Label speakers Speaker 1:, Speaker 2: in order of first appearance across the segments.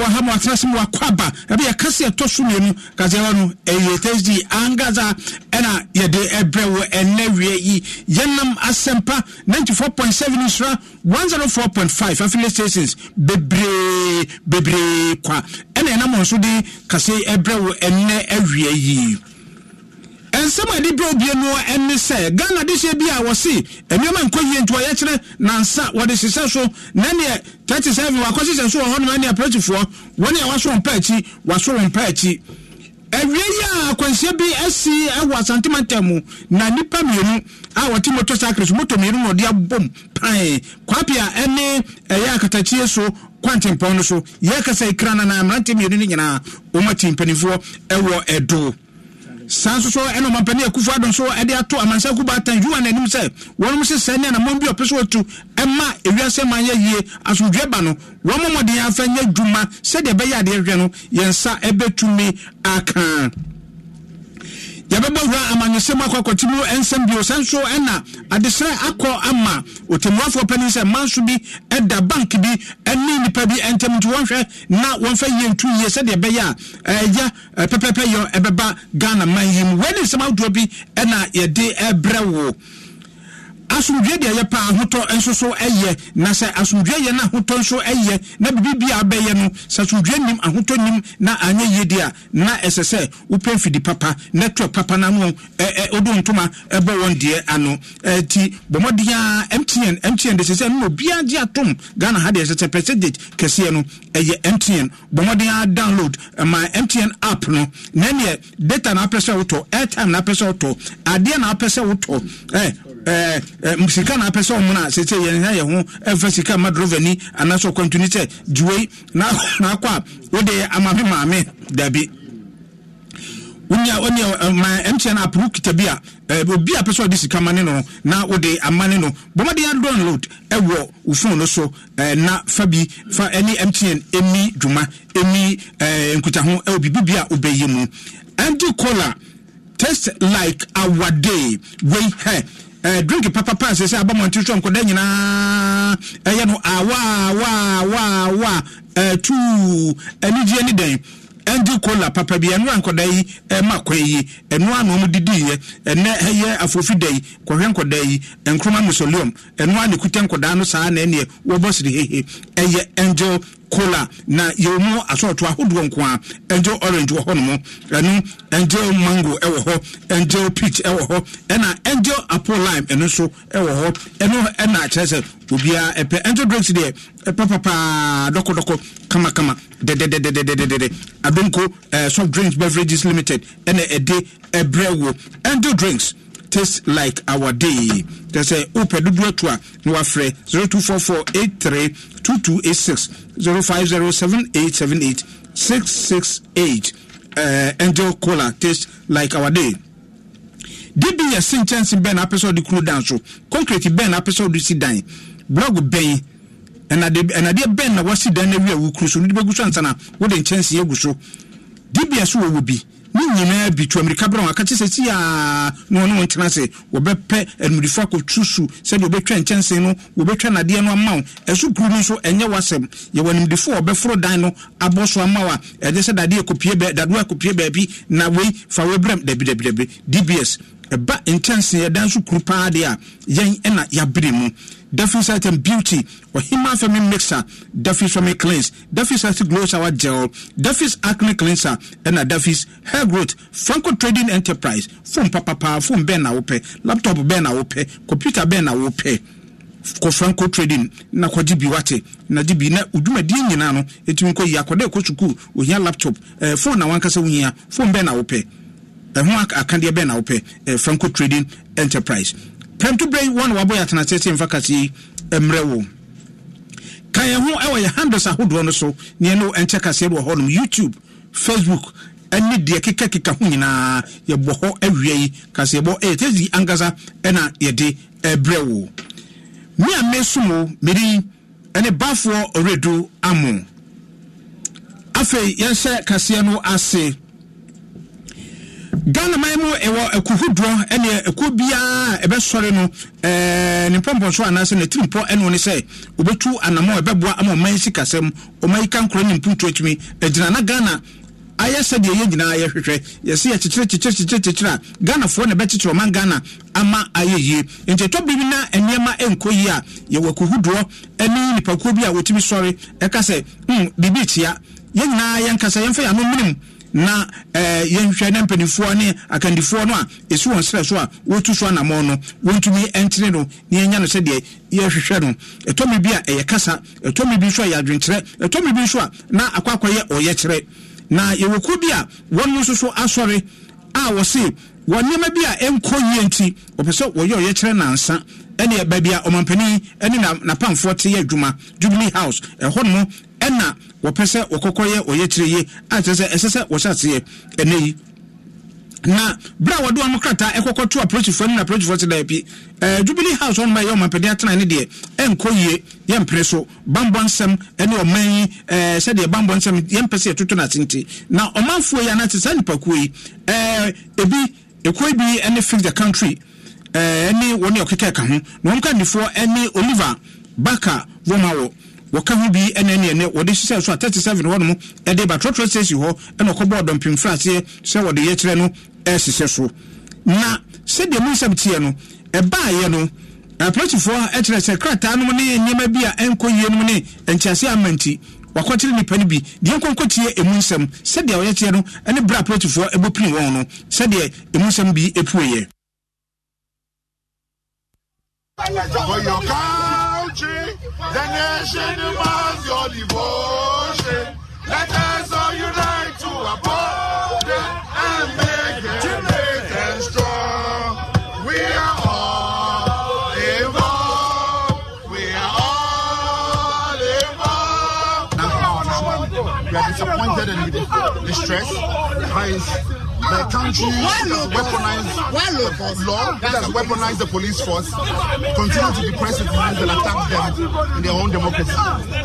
Speaker 1: mo ha mo atena se mo akɔ aba ɛbi yɛ kase ɛtɔ so mmienu kaseɛwa no ɛyɛ tɛsidi angaza ɛna yɛde ɛbrɛ wɔ ɛnɛ wiɛ yi yɛnam asɛmpa ninety four point seven nsira one zero four point five affiliate stations bebree bebree kwa ɛna yɛnam nso de kase ɛbrɛ wɔ ɛnɛ ɛwiɛ yi nsɛm a ɛde brɛ obie no ɛne sɛ ghana de hyɛ bi a wɔse nneɛma nkɔ yie nti wɔyɛkyerɛ nansa wɔde hyehyɛ so na neɛ 37 wakɔhyehyɛ so wɔ hɔnom ne aperɛtifoɔ wɔne a waso wɔn paakyi waso wɔn paakyi awie yi a akwanhyia bi asi ɛwɔ asantemata mu na nipa mmienu a wɔte moto sakre so moto mmienu na ɔde abom pan kwapia ɛne ɛyɛ akatakyie so kwantempɔn no so yɛkasa ikra na mmerante mmienu no nyinaa wɔmati mpanimfoɔ ɛwɔ ɛdo saa nso so ɛna ɔmampani akufo adɔ nso ɛde ato amansa kuba atan yuwa n'anim sɛ wɔn sɛ sɛ ne anamɔn bi ɔpɛ so otu ɛma ewiase man yɛ yie asodwe ba no wɔn mɔden afɛ nyɛ dwuma sɛdeɛ ɛbɛyɛ adeɛ hwɛ no yɛn nsa ɛbɛtumi akaa yɛbɛbɔ wura amanyɔsɛm akɔ akɔtumi nsɛm bio sɛ nso ɛna adesrɛ akɔ ama otemmuafoɔ pani sɛ mma nso bi ɛda bank bi ɛne nipa bi ɛntɛm nti wɔnhwɛ na wɔmfa yie ntu yie sɛdeɛ ɛbɛyɛ a ɛya pɛpɛpɛ eh, yɛ ɛbɛba eh, ghana man yi mu wei ne nsɛm ahodoɔ bi ɛna yɛde ɛbrɛ wo asomdwe deɛ yɛ paa ahotɔ nso so yɛ na sɛ asomdwe yɛ no ahotɔ nso yɛ na biribi bia abɛyɛ no sɛ asomdwe nim ahotɔ nim na anyɛ yie deɛ a na ɛsɛ sɛ wopɛ mfidi papa na twerɛ papa no ano wodo ntoma bɔ wɔn deɛ ano nti bɔmmɔden a mtn mtn de sɛ sɛ no na obiara gye atom ghana ha deɛ sɛ sɛ percentage kɛseɛ no ɛyɛ mtn bɔmmɔden a download ma mtn app no na data na apɛ sɛ wotɔ airtime na apɛ sɛ wotɔ adeɛ na apɛ sɛ wotɔ Eh, eh, sika na apɛ sɛ ɔmo na sɛ sɛ yɛn yɛ ho ɛfɛ sika ma drovani anaasɛ ɔkwantuni sɛ diwei na akɔ a wode ama me maame dabi wonya eh, mtn app kita bi a obi a pɛ sɛ ɔde sika ma ne no na wode ama ne no bɔmmɔden a download ɛwɔ wo phone no so na fa bi fa ɛne mtn ɛmi dwuma ɛmi nkutaho ɛwɔ biribi bi a wobɛyɛ mu anti cola test like our day wei hɛ eh, drink papapa sɛ sɛ aba mɔnte twam kɔda nyinaa eh, ah, ɛyɛ no awawawawaa eh, tu anigyeɛ ne dɛn ɛngye kola papa bi ɛno ankɔda eh, yi ɛma kwan yi ɛno ano ɔmo didiiɛ ɛnɛ ɛyɛ eh, afofi da yi kɔhwɛ nkɔda yi nkroma musoleum ɛno ano kuta nkɔda no saa na ɛneɛ wɔbɔ siri hehe ɛyɛ angel kola na yɛwɔ mu asɔɔto ahodoɔ nko a ɛngye orange wɔ hɔ no mu ɛno ɛngye mango ɛwɔ hɔ ɛngye peach ɛwɔ hɔ ɛna ɛngye apple lime ɛno nso ɛwɔ hɔ ɛno ɛna kyerɛ sɛ obiara ɛpɛ ɛngye drinks deɛ ɛpɛ papaa dɔkɔdɔkɔ kamakama dɛdɛdɛdɛdɛdɛdɛ adonko ɛɛ eh, soft drinks beverages limited ɛna ɛde ɛbrɛ wo ɛngye drinks taste like our day kyerɛ sɛ wopɛ dodoɔ ato a na wafrɛ six 0507878668 uh, angel cola taste like our day dbs se nkyɛnse bɛn na apɛ sɛ ɔde kuro dan so concrete bɛn na apɛ sɛ ɔde si dan blog bɛn ɛnadeɛ bɛn na wasi dan no awi a wokuru so no de bɛgu so ansa na wode nkyɛnse agu so dbs wɔ wɔ bi ne nyinaa bi tu amirika berɛ aka kye si a na ɔne wo ntena ase wɔbɛpɛ anumudifo akɔtusu sɛdeɛ wɔbɛtwa nkyɛnse no wɔbɛtwa nadeɛ no ama wo ɛso kuru no nso ɛnyɛ w'asɛm yɛwɔ animdifo a wɔbɛforo dan no abɔ so ama wo a ɛgye sɛ dadeɛ akɔpie dadeɛ akɔpie baabi na wei fa wei brɛm dabidabidabi dbs ɛba nkyɛnse yɛdan so kuru paa deɛ a yɛn ɛna yɛabere mu Duffy's Beauty, Wahima Femi Mixer, Duffy's Femi Cleanse, Duffy's Item Glow Shower Gel, Duffy's Acne Cleanser, and a Hair Growth, Franco Trading Enterprise, Phone Papa Power, Phone Ben Awope, Laptop Ben Awope, Computer Ben Awope. kɔ franco trading na kɔgye bi wate na gye bi na odwumadie nyinaa no ɛtumi nkɔ yi akɔdɛ ɛkɔ sukuu ohia laptop eh, phone na wankasa wohia phone bɛn na wopɛ ɛho akadeɛ bɛn na wopɛ franco trading enterprise prɛmto berɛ wɔne wabɔ yɛ atenase se mfa kase yi mmerɛ wo ka yɛn ho ɛwɔ yɛ handles ahodoɔ no so neɛ ɛnkyɛ kaseɛ no wɔ hɔnom youtube facebook ɛne deɛ kekakeka ho nyinaa yɛbɔ hɔ awia yi kaseɛbɔ ɛyɛ tɛsi ankasa ɛna yɛde ɛbrɛ wo me a mesom o mede ɛne bafoɔ redu amo afei yɛnhyɛ kaseɛ no ase ghana man mu ɛwɔ akuhodoɔ ɛne ɛkuo biara ɛbɛsɔre no ne mpɔmpɔnso anaasɛ ne tirimpɔ ɛno ne sɛ wɔbɛtu anamɔ ɛbɛboa ama ɔman sikasɛm ɔman yika nkorɔ ne mpuntu atumi agyina na ghana ayɛ sɛdeɛ yɛ nyinaa yɛhwehwɛ yɛsɛ yɛ kyekyere kyekyere kyekyere kyekyere a ghanafoɔ na ɛbɛkyekyere ɔman ghana ama ayɛ yie nti ɛtɔ biribi na nneɛma nkɔ yie a yɛwɔ akohodoɔ ne nipakuo bi a wɔtumi sɔre ɛka sɛ mm biribi kyea yɛn nyinaa yɛnkasa yɛmfa yɛn ano menem na eh, yɛnhwɛ ne mpanimfoɔ ne akandifoɔ no a ɛsi wɔn serɛ so a wɔtu so anammɔ no wɔntumi ntene no na yɛnya no sɛdeɛ yɛhwehwɛ no ɛtɔmi bi a ɛyɛ kasa ɛtɔmi bi nso a yɛ ɛtɔmi bi nso a na akɔakɔyɛ ɔyɛkyerɛ na yɛwɔ kuo bi a wɔn nso so asɔre a wɔse wɔn nneɛma bi a ɛnkɔ yie nti wɔpɛ sɛ wɔyɛ ɔyɛkyerɛ nansa ɛne baabi a ɔmampanin ne n'apamfoɔ te yɛ adwuma jubilee house ɛhɔ nom ɛna wɔpɛ sɛ wɔkɔkɔyɛ ɔyɛkyerɛ yie akyerɛ sɛ ɛsɛ sɛ wɔhyɛ aseɛ ɛnɛ yi na bere a wɔde wɔn krataa ɛkɔkɔ to apolisifoɔ na apolisifoɔ ɛɛ jubilee house wɔn ma yɛ atena ne deɛ ɛnkɔ yie yɛn mpere so bambɔ nsɛm ɛne ɔman yi ɛɛ sɛdeɛ bambɔ nsɛm yɛn na ɔmanfoɔ yi saa nipakuo yi ɛɛ ebi ekoe bi ɛne fix the country ɛɛ ɛne wɔn na wɔka ho bi ɛna ne ɛnɛ wɔde hyehyɛ so a 37 hɔ nom ɛde ba trɔtrɔ station hɔ ɛna ɔkɔbɔɔ dɔmpem fraseɛ sɛ wɔde yɛkyerɛ no ɛhyehyɛ so na sɛdeɛ mu nsɛm teɛ no ɛbaayɛ no apolisifoɔ ɛkyerɛ sɛ krataa nom ne nneɛma bi a ɛnkɔ yie nom ne nkyɛase ama nti wakɔkyerɛ nipa no bi deɛ nkɔnkɔ tie emu nsɛm sɛdeɛ ɔyɛteɛ no ɛne berɛ apolisifoɔ ɛbɔ pini wɔn no sɛdeɛ emu nsɛm bi epueyɛ.
Speaker 2: country. The nation demands your devotion. Let us all unite to uphold and make it great and strong. We are all involved. We are all involved. Now, we are disappointed and distressed. How is
Speaker 3: the country
Speaker 2: weaponized law that has weaponized the police force, continue to depress its minds and attack them in their own democracy.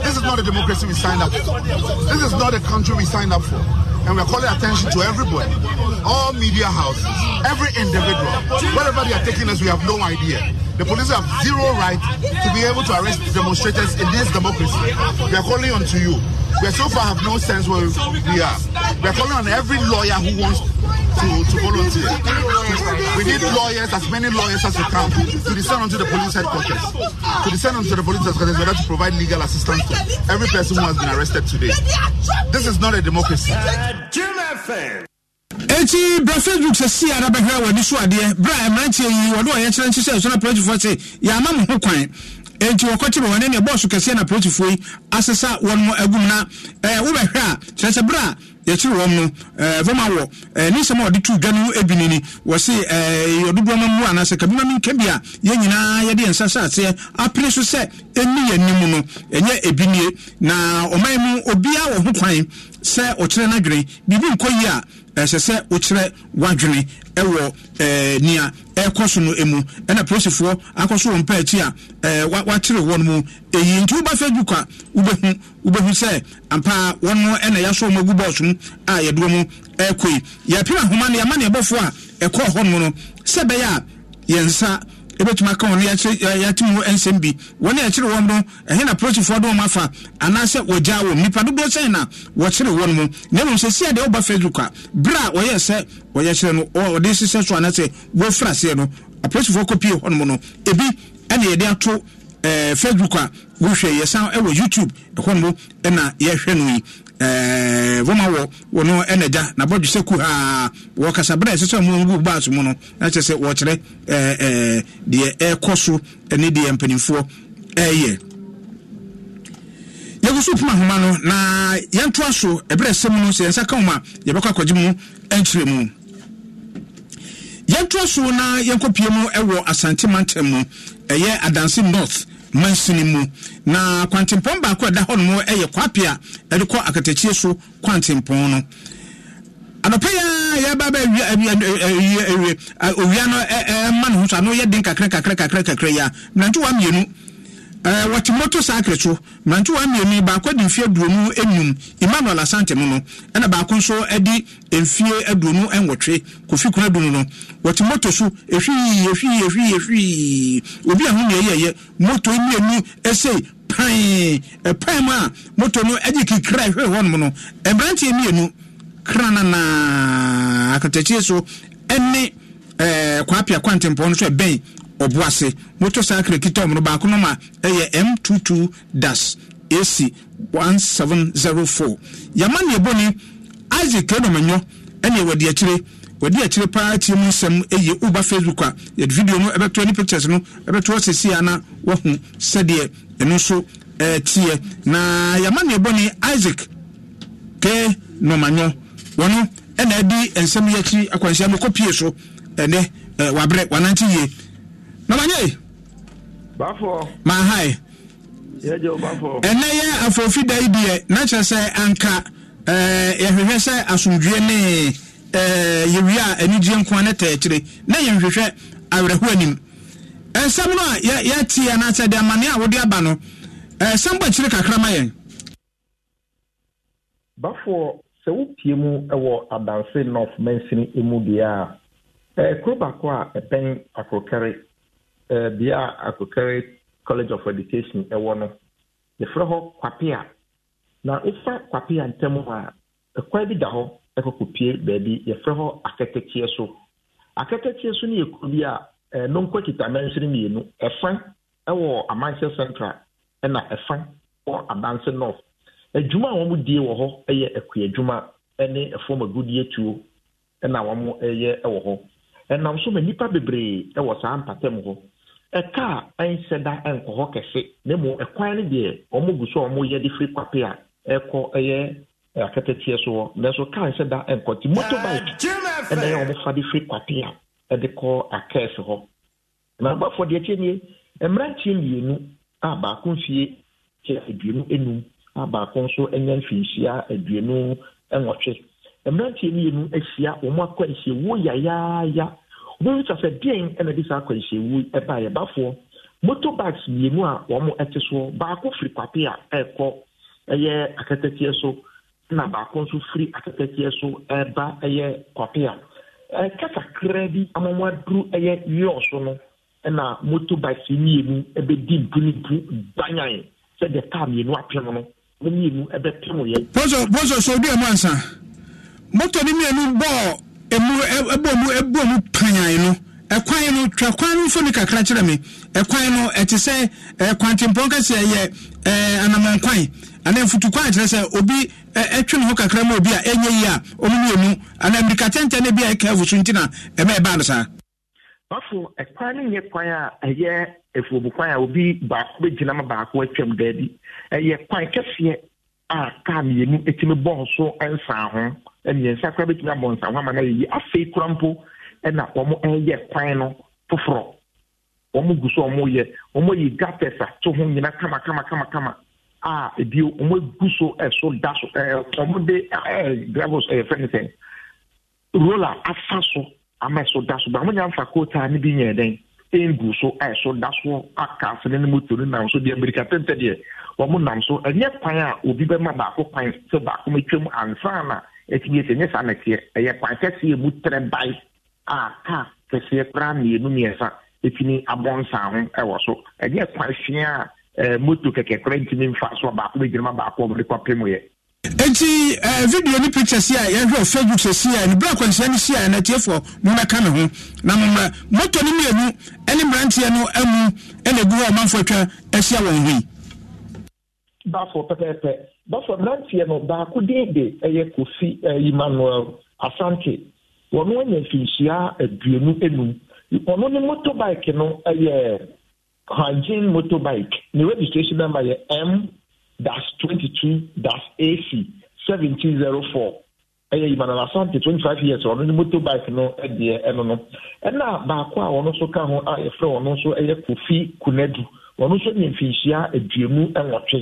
Speaker 2: This is not a democracy we signed up for. This is not a country we signed up for and we're calling attention to everybody, all media houses, every individual, wherever they are taking us, we have no idea. The police have zero right to
Speaker 4: be able to arrest demonstrators in this democracy. We are calling on to you. We so far have no sense
Speaker 1: where we are. We are calling on every lawyer who wants to, to volunteer. We need lawyers, as many lawyers as we can, to descend onto the police headquarters. To descend onto the police headquarters in order to provide legal assistance to every person who has been arrested today. This is not a democracy. ekyi bra facebook sɛ si ara bɛhwɛ w'ani so adeɛ bra mmeranteɛ yi wɔde ɔyɛkyerɛ nkyehyɛ nso na pɛrɛgyifoɔ se yɛama mo ho kwan enti wɔkɔkyerɛ wɔne ne bɔɔso kɛseɛ na apolitifoɔ yi asesa wɔn mu agum na wobɛhwɛ a kyerɛ berɛ a yɛkyerɛ wɔn no voma wɔ ne nsɛm a wɔde tu dwa no bi ni ni wɔse yɛdodoɔ ma mu anaasɛ kabima mi nka bi a yɛn nyinaa yɛde yɛn nsa saaseɛ apene so sɛ ɛni yɛn no ɛnyɛ ebi na ɔman mu obiara wɔ ho kwan sɛ ɔkyerɛ n'adwene biribi nkɔ yie a ɛsɛ sɛ wokyerɛ wadwene ɛwɔ ɛɛ eh, nea ɛkɔ so no emu ɛna polisifoɔ akɔ so wɔn mpɛ akyi a ɛɛ eh, wa wakyerɛ mu eyi nti woba facebook a wobɛhu wobɛhu sɛ ampa wɔn no ɛna yasɔ wɔn agu bɔɔso mu a yɛdoɔ mu ɛɛkɔ yi yɛpem ahoma no yɛama nea ɛbɔfoɔ a ɛkɔɔ hɔ nom no sɛ ɛbɛyɛ a yɛn nsa ɛbɛtumi aka wɔn yɛate mu nsɛm bi wɔn a ɛkyerɛ wɔn no ɛhɛ na polisifoɔ de wɔn afa anaasɛ wɔgya wɔn nipa dodoɔ sɛn na wɔkyerɛ wɔn mu na mmom sɛ sia deɛ ɔba facebook a berɛ a wɔyɛ sɛ wɔyɛ kyerɛ no wɔde hyehyɛ so anaasɛ wɔfira aseɛ no apolisifoɔ kɔpie hɔnom no ebi ɛna yɛde ato ɛɛ facebook a wɔhwɛ yɛsan ɛwɔ youtube ɛhɔnom ɛna yɛhwɛ no yi Eh, wɔma wɔ wɔno ɛnagya nabɔdwe sɛ ku haa wɔkasa berɛ ɛsɛ sɛ ɔmgu baas mu no ɛkyɛ sɛ wɔkyerɛ eh, eh, deɛ ɛkɔ so ne deɛ mpanimfoɔ ɛyɛ yɛgu so poma homa no na yɛntoa so ɛberɛ sɛm no sɛ yɛnsa ka wom a yɛbɛkɔ akɔgye mu ankyerɛ mu yɛntoa so na pie mu ɛwɔ asante mantam mu ɛyɛ adansi north mansini mu na kwantempɔn baako a ɛda hɔnom ɛyɛ kwape a ɛde kɔ akatakyie so kwantempɔn no anɔpɛ yɛ yɛba bɛ owia no ɛma ne ho so ano yɛ den kakra kakra kakra kakra yi a mmerante wa mmienu Eh, wɔte motorcycle so mmerantewa mmienu baako de mfeɛ aduonu enum emmanuel asante mu no ɛna baako nso de mfeɛ aduonu nwɔtwe kofi kuna dunu no wɔte moto so ehwii ehwii ehwii ehwii obi a ho nea yɛyɛ moto mmienu ese pan e, pan mu a moto no de kikira ehwɛ hɔnom no mmeranteɛ mmienu kra nanaa akatakyie eh, so ne ɛɛ kwapia kwantempɔn no so ɔboase motorcycle kita ɔmo no baako no ma ɛyɛ m22 das ac 1704 yɛma ne ɛbɔ ni isaac kanomanyo ɛne wɔde akyire wɔde akyire paa tie mu nsɛm ɛyɛ uba facebook a yɛde video no ɛbɛtoa ne pictures no ɛbɛtoa sɛsie a na wahu sɛdeɛ ɛno nso ɛteɛ na yɛma ne ɛbɔ ni isaac k nomanyo wɔno ɛna ɛdi nsɛm yɛakyi akwanhyia mokɔ pie so ɛnɛ wabrɛ wanante yie namanye bafo mahai
Speaker 5: yɛgye bafo
Speaker 1: ɛnɛ yɛ afofi da yi deɛ na kyerɛ sɛ anka ɛɛ eh, yɛhwehwɛ sɛ asomdwie ne ɛɛ eh, yɛwia anigyeɛ nkoa ne tɛɛkyire na yɛhwehwɛ awerɛho anim ɛnsɛm no a yɛ yɛte anaasɛ de amanneɛ a wode aba no ɛsɛm bɔ akyire kakra ma yɛn
Speaker 6: bafoɔ sɛ wopie mu wɔ adanse north mansini mu deɛ a ɛɛ kuro baako a ɛbɛn akorokɛre Eh, bea a akokare college of education ɛwɔ no yɛfrɛ hɔ kwape na wofa kwape a ntam a ɛkwan bi da hɔ ɛkɔkɔpie baabi yɛfrɛ hɔ akɛtɛkyeɛ so akɛtɛkyeɛ so no yɛ kuro bi a nonko kitama nso no mmienu ɛfa ɛwɔ amanhyɛ central ɛna ɛfa wɔ adanse north adwuma a wɔn wɔ hɔ yɛ akua adwuma ne ɛfam agudie tuo ɛna wɔn yɛ wɔ hɔ ɛnam so ma nnipa bebree wɔ saa mpatam hɔ ɛka a ɛnsɛ da ɛnkɔ hɔ kɛse na mmom ɛkwan no deɛ ɔmo gu so a ɔmo yɛ de firi kwape a ɛkɔ ɛyɛ akatateɛ so hɔ nanso kaa nsɛ da ɛnkɔ nti motorbike ɛna ɛyɛ ɔmo fa de firi kwape a ɛde kɔ akɛɛse hɔ na abafoɔ deɛ kyɛ nie mmeranteɛ mmienu a baako mfie kyɛ aduonu enum a baako nso ɛnyɛ mfinhyia aduonu ɛnwɔtwe mmeranteɛ mmienu ahyia wɔn akɔ ahyia wɔn yayaaya wobɛwisa sɛ deɛn ɛna de saa akwanhyiawu ɛba yɛbafoɔ motorbikes mmienu a wɔn ɛte soɔ baako firi kwape a ɛrekɔ ɛyɛ akatateɛ so na baako nso firi akatateɛ so ɛreba ɛyɛ kwape a ɛka kakra bi amamma duru ɛyɛ yɔɔ so no ɛna motorbikes mmienu ɛbɛdi mpunimpu banyan sɛdeɛ kaa mmienu apem no wɔn mmienu ɛbɛpem yɛ. bɔsɔ bɔsɔ
Speaker 1: sɔ obi ɛmu ansa moto ni mmienu bɔɔ emu ɛbɔ e, e mu ɛbɔ e mu panyan no ɛkwan no twa kwan no mfoni kakra kyerɛ me ɛkwan no ɛte sɛ ɛkwantempɔn kɛseɛ yɛ ɛɛ anamɔn kwan anaa mfutu kyerɛ sɛ obi ɛtwe ne ho kakra ma obi a ɛnyɛ yie a ɔmo ne emu anaa mbirika tɛntɛn no bi a ɛka efu so ntina ɛbɛ ɛbaa no saa.
Speaker 6: bafo ɛkwan no nyɛ kwan a ɛyɛ efuobu kwan a obi baako bɛgyina ma baako atwam daabi ɛyɛ kwan kɛseɛ a kaa mmienu etimi bɔn so nsaa mmiɛnsa koraa bɛtumi abɔ nsa ho ama no ayɛ yi afei kora mpo ɛna wɔn ɛyɛ kwan no foforɔ wɔn gu so wɔn yɛ wɔn yi gutters ato ho nyina kama kama kama kama a ebi wɔn gu so ɛso da so ɛɛ wɔn de ɛɛ gravels ɛɛ fɛn fɛn roller afa so ama ɛso da so ba wɔn nyɛ nfa kootaa ne bi nyɛ dɛn ɛngu so ɛso da so aka ase ne ne moto ne nam so deɛ mmirika tɛntɛ deɛ wɔn nam so ɛnyɛ kwan a obi bɛma baako kwan sɛ baako ma twam ansa na. ɛtumi ɛsɛ nyɛ saa nɛteɛ ɛyɛ kwan kɛseɛ mu trɛ bae a kaa kɛseɛ koraa mmienu mmiɛnsa ɛtumi abɔ nsan ho ɛwɔ so ɛnyɛ kwan hwea a moto kɛkɛ koraa ntumi mfa so a baako bɛgyinama baako ɔmde kɔpem yɛ
Speaker 2: nti
Speaker 1: video ne pictures yi a eh, yɛhwɛ eh, eh, facebook sɛsi a ne berɛ akwanhyia no hyia anatiefoɔ momɛka me ho na mommra moto no mmienu ne mmeranteɛ no amu ɛna ɛgu hɔ ɔmanfoɔ atwa ahyia
Speaker 6: wɔn ho yi bafoɔ pɛpɛɛpɛ bɔfra mmeranteɛ no baako din de ɛyɛ kofi eh, emmanuel asante wɔn anya mfinhyia aduonu enum wɔn ne nọ no yɛ hangin motorbike ne registration number yɛ m dash twenty two dash ac seventeen zero four ɛyɛ emmanuel asante twenty years wɔn ne motorbike no deɛ ɛno no ɛna baako a wɔn nso ka ho a yɛfrɛ wɔn nso kofi wɔn nso yɛ mfinhyia aduonu nwɔtwe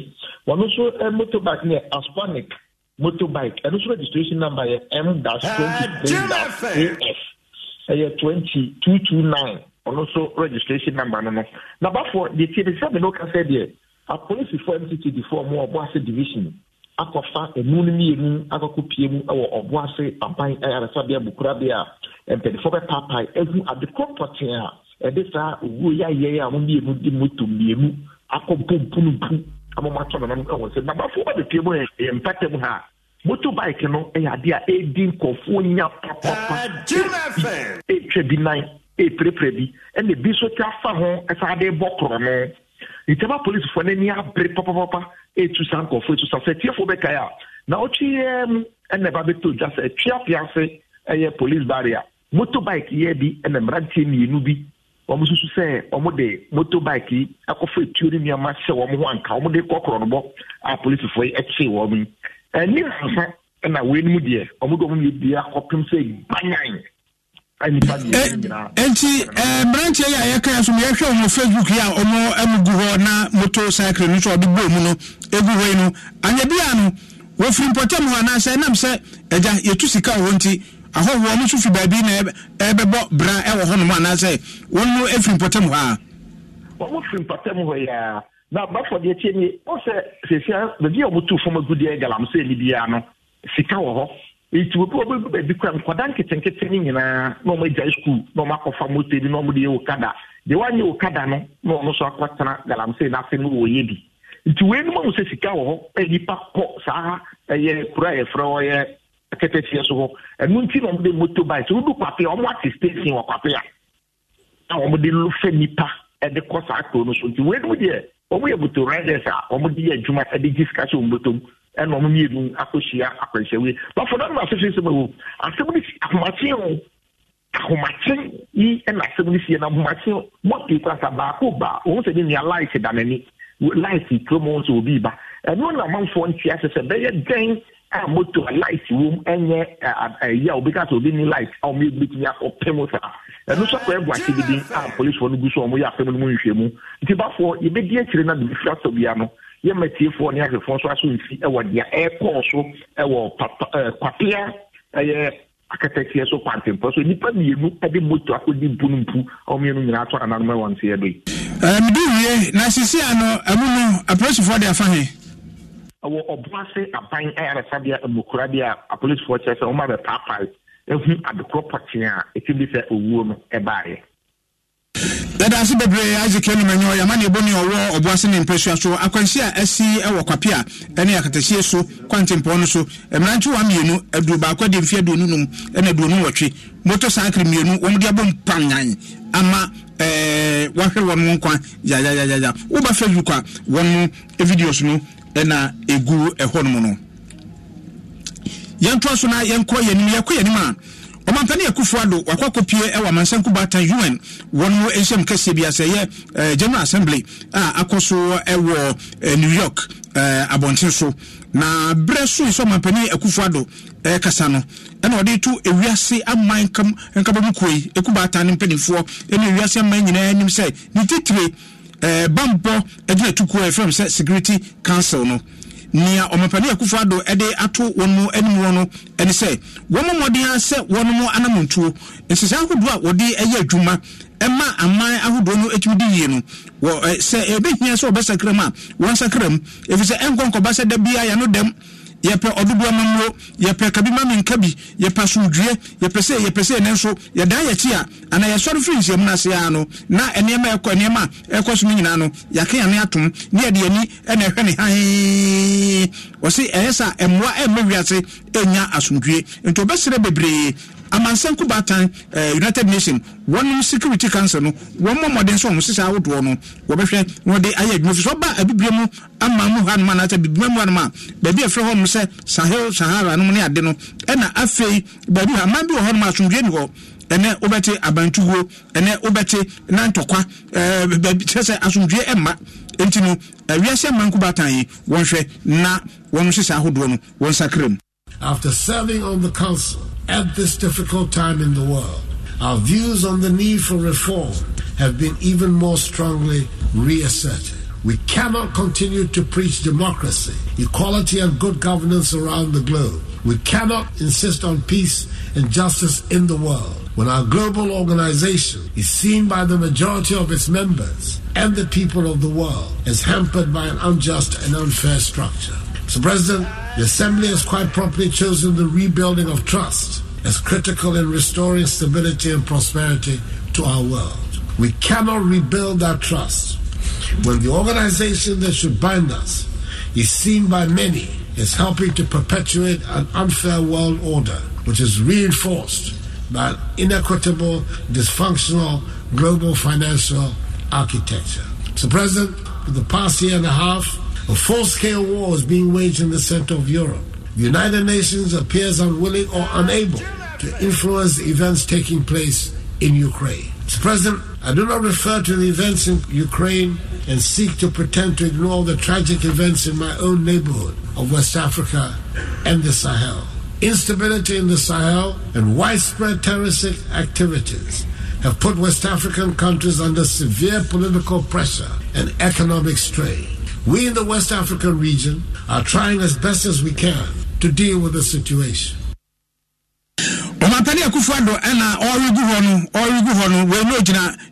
Speaker 6: wɔn nso eh, motorbike no yɛ aspanic motorbike ɛno nso registration number yɛ m dash ah, twenty three dash
Speaker 2: af
Speaker 6: ɛyɛ twenty two two nine ɔno nso registration number no no n'abafoɔ deɛ tie de sɛ ɛna ɔka sɛ deɛ apolisifoɔ mttd foɔ mu ɔbɔ ase division akɔfa emu no mmienu akɔkɔ pie mu wɔ ɔbɔ ase aban ayaresabea eh, bukurabea mpanyinfoɔ bɛpaapae ehu adekorɔ pɔtee a ɛde saa owuo yi ayɛ yi a wɔn mmienu de moto mmienu akɔ mpompunumpu amoma tɔ nananom ɛwɔ sɛ nabafo ba de pie mu yɛ yɛ mpata mu ha moto bike no ɛyɛ adeɛ a ɛdi nkɔfoɔ nya papapa ɛtwa bi nan ɛpirepire bi ɛna bi nso ti afa ho ɛsan de bɔ korɔ no ntɛma polisifoɔ n'ani abere papapapa ɛtu sa nkɔfoɔ ɛtu sa sɛ tiefoɔ bɛka yɛ a na ɔtwi yɛ mu ɛna ɛba bɛtɔ dwa sɛ ɛtwi afi ase ɛyɛ police barrier moto bike yɛ bi ɛna mmeranteɛ mmienu bi ọmụsụsụ nsusu sɛ ɔmo de motorbike yi akɔfo etuo ne nneɛma sɛ wɔn ho anka de kɔ a polisifoɔ yi ɛkyee wɔn yi ɛni nsa ɛna wɔn anim deɛ ɔmo de akɔpem sɛ banyan yi a
Speaker 1: yɛka so yɛhwɛ wɔn facebook yi a gu na moto nso ɔde bɔ no egu anya bi hɔ anaasɛ ɛnam sɛ ɛgya yɛtu sika ahɔhoɔ no nso fi baabi na ɛbɛbɔ bra
Speaker 6: ɛwɔ hɔnom anaasɛ wɔn no efiri mpɔtam hɔ a. wɔn firi mpɔtam hɔ yɛ na abafo deɛ tie mi wɔn sɛ sesia beebi a wɔtu fam agudeɛ galamsey ni biara no sika wɔ hɔ etu obi wɔ baabi baabi kura nkwadaa nketenkete ne nyinaa na wɔn agya sukuu na wɔn akɔfa moto bi na wɔn de yɛ okada deɛ wɔanyɛ okada no na wɔn nso akɔtena galamsey n'ase no wɔyɛ bi nti wɔn anim ahosɛ sika wɔ hɔ nipa kɔ saa ɛyɛ kura a yɛfrɛ wɔyɛ akɛtɛsiɛ so hɔ ɛno nti na ɔmode motorbike so wodu kwape ɔmo ate station wɔ kwape a na ɔmode lofa nnipa de kɔ saa kuro no so nti weinom deɛ ɔmoyɛ moto riders a ɔmode yɛ adwuma de gye sika sɛ ɔmbotom ɛna ɔmo mmienu akɔhyia akwanhyɛwie bafo no noma sɛsɛ sɛm awu asɛm no si ahomakyen ho ahomakyen yi na asɛm no sie na ahomakyen mɔtee kora sa baako baa ɔhu sɛ ne nua light da n'ani light kurom na amanfoɔ ntia sɛ sɛ bɛyɛ dɛn a moto a light wom ɛnyɛ ɛyɛ a obi ka sɛ obi ni light a wɔn ebitumi akɔpɛ mu saa ɛnu sɔ kɔɛ bu akididi a polisifoɔ no gu so wɔn yɛ apɛ mu no mu nhwɛ mu nti bafoɔ yɛbɛdi akyire na biribi fira tɔ bia no yɛmɛ tiefoɔ ne ahwɛfoɔ nso aso nfi ɛwɔ deɛ ɛɛkɔɔ so ɛwɔ papa ɛɛ kwapea ɛyɛ akɛtɛkyeɛ so kwantempɔ so nipa mmienu ɛde moto akɔdi mpunumpu a wɔn mmienu nyinaa ato ananom ɛwɔ nseɛ do yi. ɛɛ mede wie na sisi ano ɛmu no apolisifoɔ de afa he ɛwɔ ɔbo ase aban ayaresadeɛ mmokura deɛ a apolisifoɔ kyerɛ sɛ wɔma bɛpaapae ehu adekorɔ pɔtee a ɛtim bi sɛ owuo no ɛbaeɛ
Speaker 1: yɛda ase bebree isaac anumanya ɔyɛma ne ɛbɔne ɔwɔ ɔboase ne mprɛsua so akwanhyi a asi wɔ kwape a ne akatahyie so kwantempɔn no so mmerante wa mmienu aduru baako ade mfe aduonu nom ɛna aduonu wɔtwe moto saakere mmienu wɔn de abɔ mpanyan ama ɛɛ wahwɛ wɔn nkwa yayayaya woba facebook a wɔn e videos no ɛna ɛgu ɛhɔnom no yɛntoa so na yɛnkɔ yɛnim yɛkɔ yɛnim a ɔmampane akufo ado wakɔkɔpie ɛwɔ amansanku baatan un wɔn nhyiam kɛseɛ bi asɛ yɛ eh, general assembly a akɔ so ɛwɔ eh, new york eh, abɔnten so na berɛ so sɛ ɔmampani akufo ado ɛkasa no ɛna ɔde to ewiase aman nkabɔmukuo yi ɛku baatan no mpanimfoɔ ɛne ewiase aman nyinaa anim sɛ ne titire ɛɛ eh, bampɔ ɛgyina tukuo ɛfɛm sɛ security council no nea ɔmapani akufo ado ɛde ato wɔn mu anim wɔn no ɛne sɛ wɔn mu mmɔden sɛ wɔn mu anamontuo nhyehyɛ ahodoɔ a wɔde ɛyɛ adwuma ɛma aman ahodoɔ no atumi di yie no wɔ ɛ eh, sɛ ebihia eh, sɛ ɔbɛsakram a wɔn nsakram efisɛ ɛnkɔnkɔba sɛ dabi ayano dɛm yɛpɛ ɔdodoɔ mamuo yɛpɛ kabi mami nka bi yɛpɛ asomdue yɛpɛ sɛ yɛpɛ sɛ ɛnɛ nso yɛdan yɛkyi a anaa yɛsɔre firi nhyiamu no ase no na nneɛma ɛkɔ nneɛma ɛkɔ so no nyinaa no yɛake yɛne atom ne yɛde ani ɛna ɛhwɛ ne haee wɔse ɛyɛ sa mmoa ɛmmɛ wiase ɛnya asomdue nti ɔbɛserɛ bebree amansanku baatan uh, eh, united nation wɔn security council no wɔn mu ɔmɔden so wɔn sisa ahodoɔ no wɔbɛhwɛ wɔde ayɛ adwuma fisa ɔba abibire mu ama mu hanom anaasɛ bibire mu hanom a baabi ɛfrɛ hɔ nom sɛ sahel sahara nom ne ade no ɛna afei baabi hɔ aman bi wɔ hɔ nom asomdwe ni hɔ ɛnɛ wobɛte abantuguo ɛnɛ wobɛte nantɔkwa ɛɛ eh, baabi kyerɛ sɛ ɛma nti no
Speaker 3: ɛwiase amanku baatan yi wɔnhwɛ na wɔn sisa ahodoɔ no wɔn nsakira mu. After serving on the Council at this difficult time in the world, our views on the need for reform have been even more strongly reasserted. We cannot continue to preach democracy, equality, and good governance around the globe. We cannot insist on peace and justice in the world when our global organization is seen by the majority of its members and the people of the world as hampered by an unjust and unfair structure. Mr. President, the Assembly has quite properly chosen the rebuilding of trust as critical in restoring stability and prosperity to our world. We cannot rebuild that trust when the organization that should bind us is seen by many as helping to perpetuate an unfair world order, which is reinforced by an inequitable, dysfunctional global financial architecture. Mr. President, for the past year and a half, a full scale war is being waged in the center of Europe. The United Nations appears unwilling or unable to influence the events taking place in Ukraine. Mr. President, I do not refer to the events in Ukraine and seek to pretend to ignore the tragic events in my own neighborhood of West Africa and the Sahel. Instability in the Sahel and widespread terroristic activities have put West African countries under severe political pressure and economic strain. We in the West Africa region are trying as best as we can to deal with the situation. ɔmapɛne akufoɔ do ɛna ɔregu hɔ no ɔregu hɔ
Speaker 1: no wei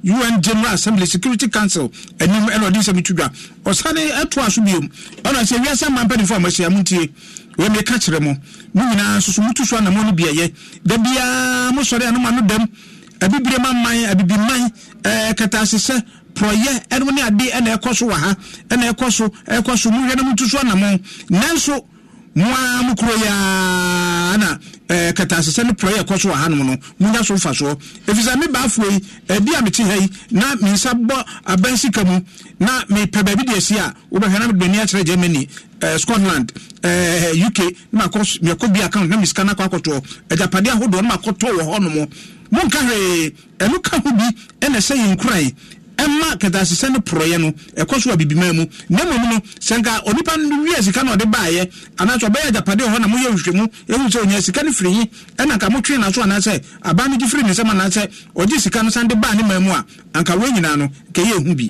Speaker 1: no un general assembly security council anim ɛna ɔde nsɛm to dwa ɔsane ɛtoa so biom ɔna sɛ wiasɛ ma mpanimfoɔ a mahyia mu ntie wei meka kyerɛ mo mo nyinaa soso motu so anamɔ no biayɛ da biaa mosɔre anoma no dam abibire ma abibiman ɛɛ eh, kataasesɛ porɔyɛ ɛnom ne ade ɛna ɛkɔ so wɔ ha ɛna ɛkɔ so ɛkɔ so mohwɛ no mutu so anamo nanso moa mo kuro yɛa na eh, katasesɛ no porɔyɛ ɛkɔ so wɔ hanom no monya so mfa soɔ ɛfiri sɛ me baafoɔ yi ɛbi a mete ha yi na mensa bɔ aban sika mu na mepɛ baabi deɛ si a wobɛhwɛ na medani akyerɛ germany Uh, scotland uh, uk na mekɔ bi account na mesika no akɔ akɔtoɔ agyapade ahodoɔ no makɔtɔ wɔ hɔ no mo monka hwee ɛno ka ho bi ɛna ɛsɛ yɛ nkurae ɛma no porɔeɛ no ɛkɔ so mu na mmom no sɛ nka onipa no wie sika ɔde baeɛ anaasɛ ɔbɛyɛ agyapadeɛ hɔ na moyɛ ɛhu sɛ ɔnya sika no ɛna motwee na so anaasɛ no gye firi ne nsɛm anaasɛ ɔgye sika no san
Speaker 3: de baa ne mu a anka nyinaa no kɛyɛ ɛhu bi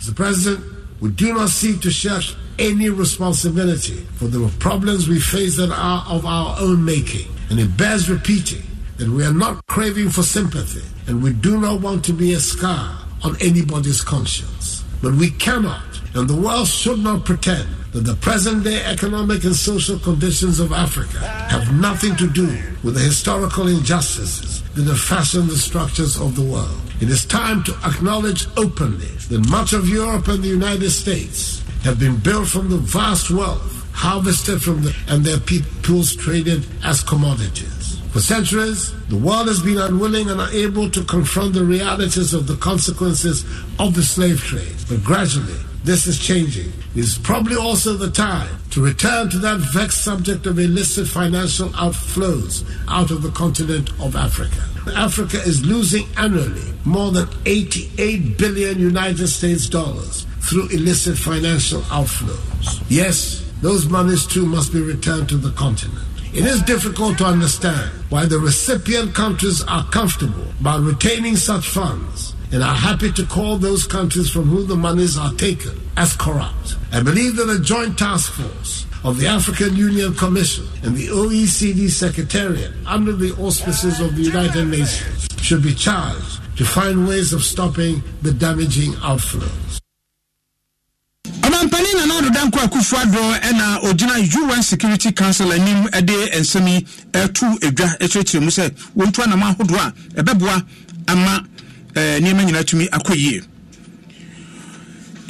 Speaker 3: Mr. President, we do not seek to shirk any responsibility for the problems we face that are of our own making. And it bears repeating that we are not craving for sympathy and we do not want to be a scar on anybody's conscience. But we cannot, and the world should not pretend that the present day economic and social conditions of Africa have nothing to do with the historical injustices that have fashioned the structures of the world. It is time to acknowledge openly that much of Europe and the United States have been built from the vast wealth harvested from the, and their peoples traded as commodities. For centuries, the world has been unwilling and unable to confront the realities of the consequences of the slave trade. But gradually, this is changing. It is probably also the time to return to that vexed subject of illicit financial outflows out of the continent of Africa. Africa is losing annually more than 88 billion United States dollars through illicit financial outflows. Yes, those monies too must be returned to the continent. It is difficult to understand why the recipient countries are comfortable by retaining such funds and are happy to call those countries from whom the monies are taken as corrupt. I believe that a joint task force of the African Union Commission and the OECD Secretariat under the auspices of the United Nations should be charged to find ways of stopping the damaging outflows. ɔhene nana adodankɔ akufo adɔ ɛna ɔgyina un security council anim de nsɛm
Speaker 1: yi ɛto adwa kyerɛkyerɛ mu sɛ wɔntu anam ahodoɔ a ɛbɛboa ama nneɛma nyinaa tumi akɔ yie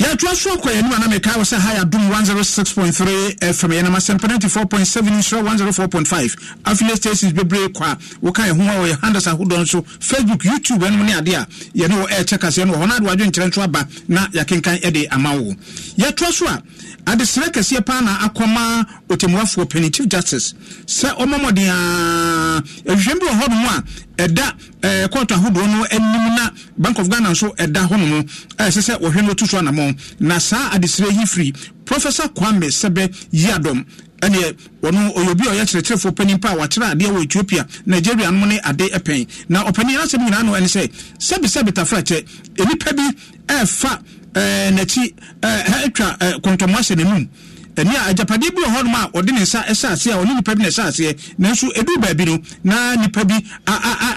Speaker 1: yɛtoa so akɔ yɛnim ana meka wɔ sɛ ha yɛadom 106.3 fm yɛnam asɛmpa94.7 nsra 104.5 affiliate stations bebree kɔ a woka yɛ ho a wɔyɛ handles ahodoɔ nso facebook youtube ɛnom ne ade a yɛne wɔ ɛɛkyɛ kaseɛ no wɔ no ade wadwenkyerɛ nso aba na yɛkenkan de ama wo yɛtoa so a adesrɛ kɛseɛ paa na akɔma otemuafoɔ pani justice sɛ ɔma mmɔden a ahwehwɛm bi wɔ hɔ no mu a ɛda kɔɔto eh, ahodoɔ no anim na bank of ghana nso ɛda hɔ no mu ɛsɛ sɛ wɔhwɛ no wɔtu so anamɔn no na saa adesrɛ yi firi professor kwame sɛbɛ yiadɔm ɛneɛ ɔno ɔyɛ obi a ɔyɛ kyerɛkyerɛfoɔ panin pa a wakyerɛ adeɛ wɔ ethiopia nigeria nom ne ade pɛn na ɔpanin asɛm nyinaa no ɛne sɛ sɛbisɛbi tafrakyɛ nnipa bi ɛɛfa ɛɛ n'akyi ɛɛ ɛtwa ɛɛ kɔntɔmɔ ahyɛ n'anum ɛne a agyapadeɛ bi wɔ hɔnom a ɔde ne nsa ɛhyɛ aseɛ a ɔne nipa bi na ɛhyɛ aseɛ nanso ɛduru baabi no na nipa bi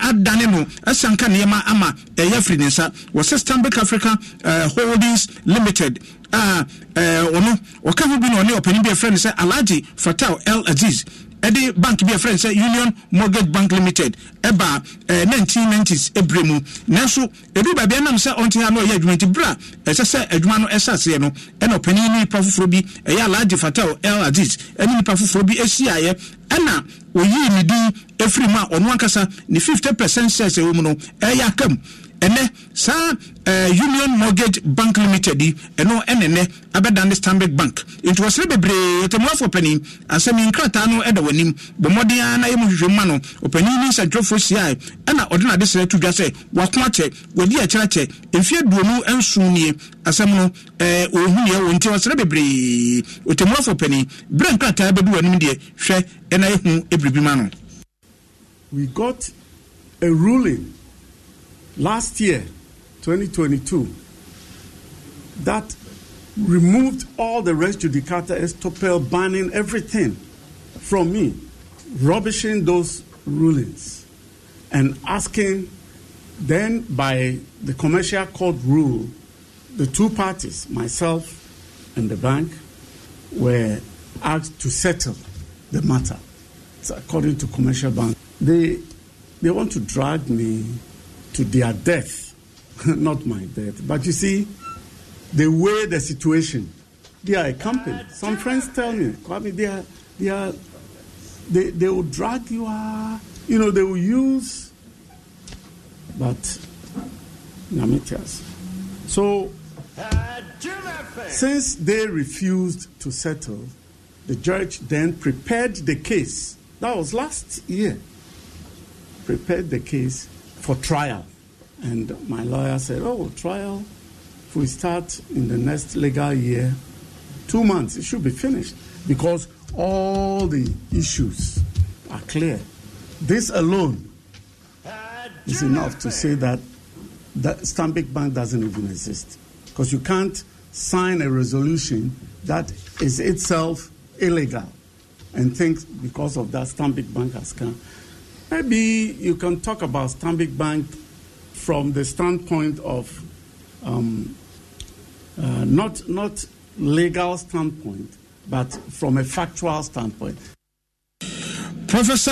Speaker 1: adane no ɛsanka nneɛma ama ɛyɛ afiri ne nsa wɔsɛ stanbic africa uh, holdings limited a eh, ɔno ɔka ho bi na ɔne ɔpanin bi ɛfrɛ no sɛ alagye fatal l aziz ɛde bank bi ɛfrɛ sɛ union mortgage bank limited ɛba ɛɛ eh, nineteen nineties ebire mu nanso ebi baabi ɛnam sɛ ɔnte ha na ɔyɛ adwuma nti bra ɛsɛ sɛ adwuma no ɛsɛ aseɛ no ɛna ɔpanyin ne nipa foforɔ bi ɛyɛ alhaji fatal el aziz ɛne nipa foforɔ bi ehyiaeɛ ɛna oyii ne din efiri mu a ɔno ankasa ne fifty percent shares ɛwɔ mu no ɛyɛ akam ɛnɛ saa uh, eh, union mortgage bank limited yi ɛno ɛnɛnɛ abɛdane stanbic bank nti wɔsere bebree tɛmuafoɔ panin asɛmi nkrataa no ɛda w'anim bɔ a na yɛ hwehwɛ ma no ɔpanin ne nsɛntwerɛfoɔ siae ɛna ɔde no adesrɛ to dwa sɛ wako akyɛ wadi akyerɛ akyɛ mfeɛ duonu nson nie asɛm no eh, ɛɛ wɔ nti wɔsere bebree tɛmuafoɔ panin berɛ nkrataa bɛdu w'anim deɛ hwɛ ɛna ɛhu ebiribi
Speaker 5: ma no. we got a ruling last year, 2022, that removed all the rejudicata topel banning everything from me, rubbishing those rulings and asking then by the commercial court rule, the two parties, myself and the bank, were asked to settle the matter. It's according to commercial bank. They, they want to drag me to their death. Not my death. But you see, the way the situation, they are a company. Some friends tell me, they are, they are, they, they will drag you, uh, you know, they will use, but, Namitias. So, since they refused to settle, the judge then prepared the case. That was last year. Prepared the case for trial. And my lawyer said, Oh, trial If we start in the next legal year. Two months, it should be finished because all the issues are clear. This alone is enough to say that the Stambik Bank doesn't even exist because you can't sign a resolution that is itself illegal and think because of that Stambik Bank has come. Maybe you can talk about Stanbic Bank from the standpoint of um, uh, not not legal standpoint, but from a factual standpoint. Professor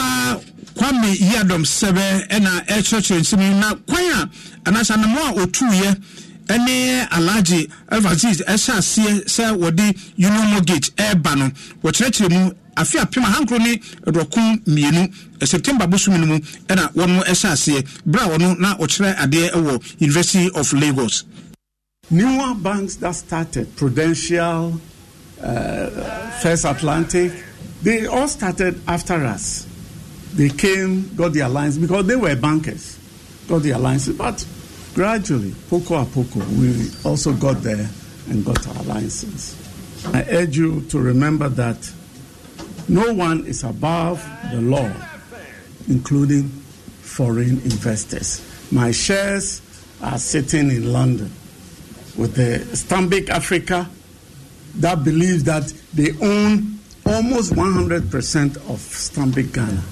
Speaker 1: Kwame Yadom Sebe ɛna ɛkyerɛkyerɛ nsɛm yi na kwan a anaasɛ anamoa a ɔtuiɛ ɛne alagye alfaziz ɛhyɛ aseɛ sɛ wɔde union mortgage no wɔkyerɛkyerɛ mu afe apem ahankoro ne dɔko mmienu september bosomi no mu ɛna wɔn ɛhyɛ aseɛ bere a wɔn na ɔkyerɛ adeɛ wɔ
Speaker 5: university of lagos. newer banks that started prudential uh, first atlantic they all started after us they came got their lines because they were bankers got their lines but gradually poco a poco we also got there and got our licenses i urge you to remember that No one is above the law, including foreign investors. My shares are sitting in London with the Stambik Africa that believes that they own almost 100% of Stambik Ghana.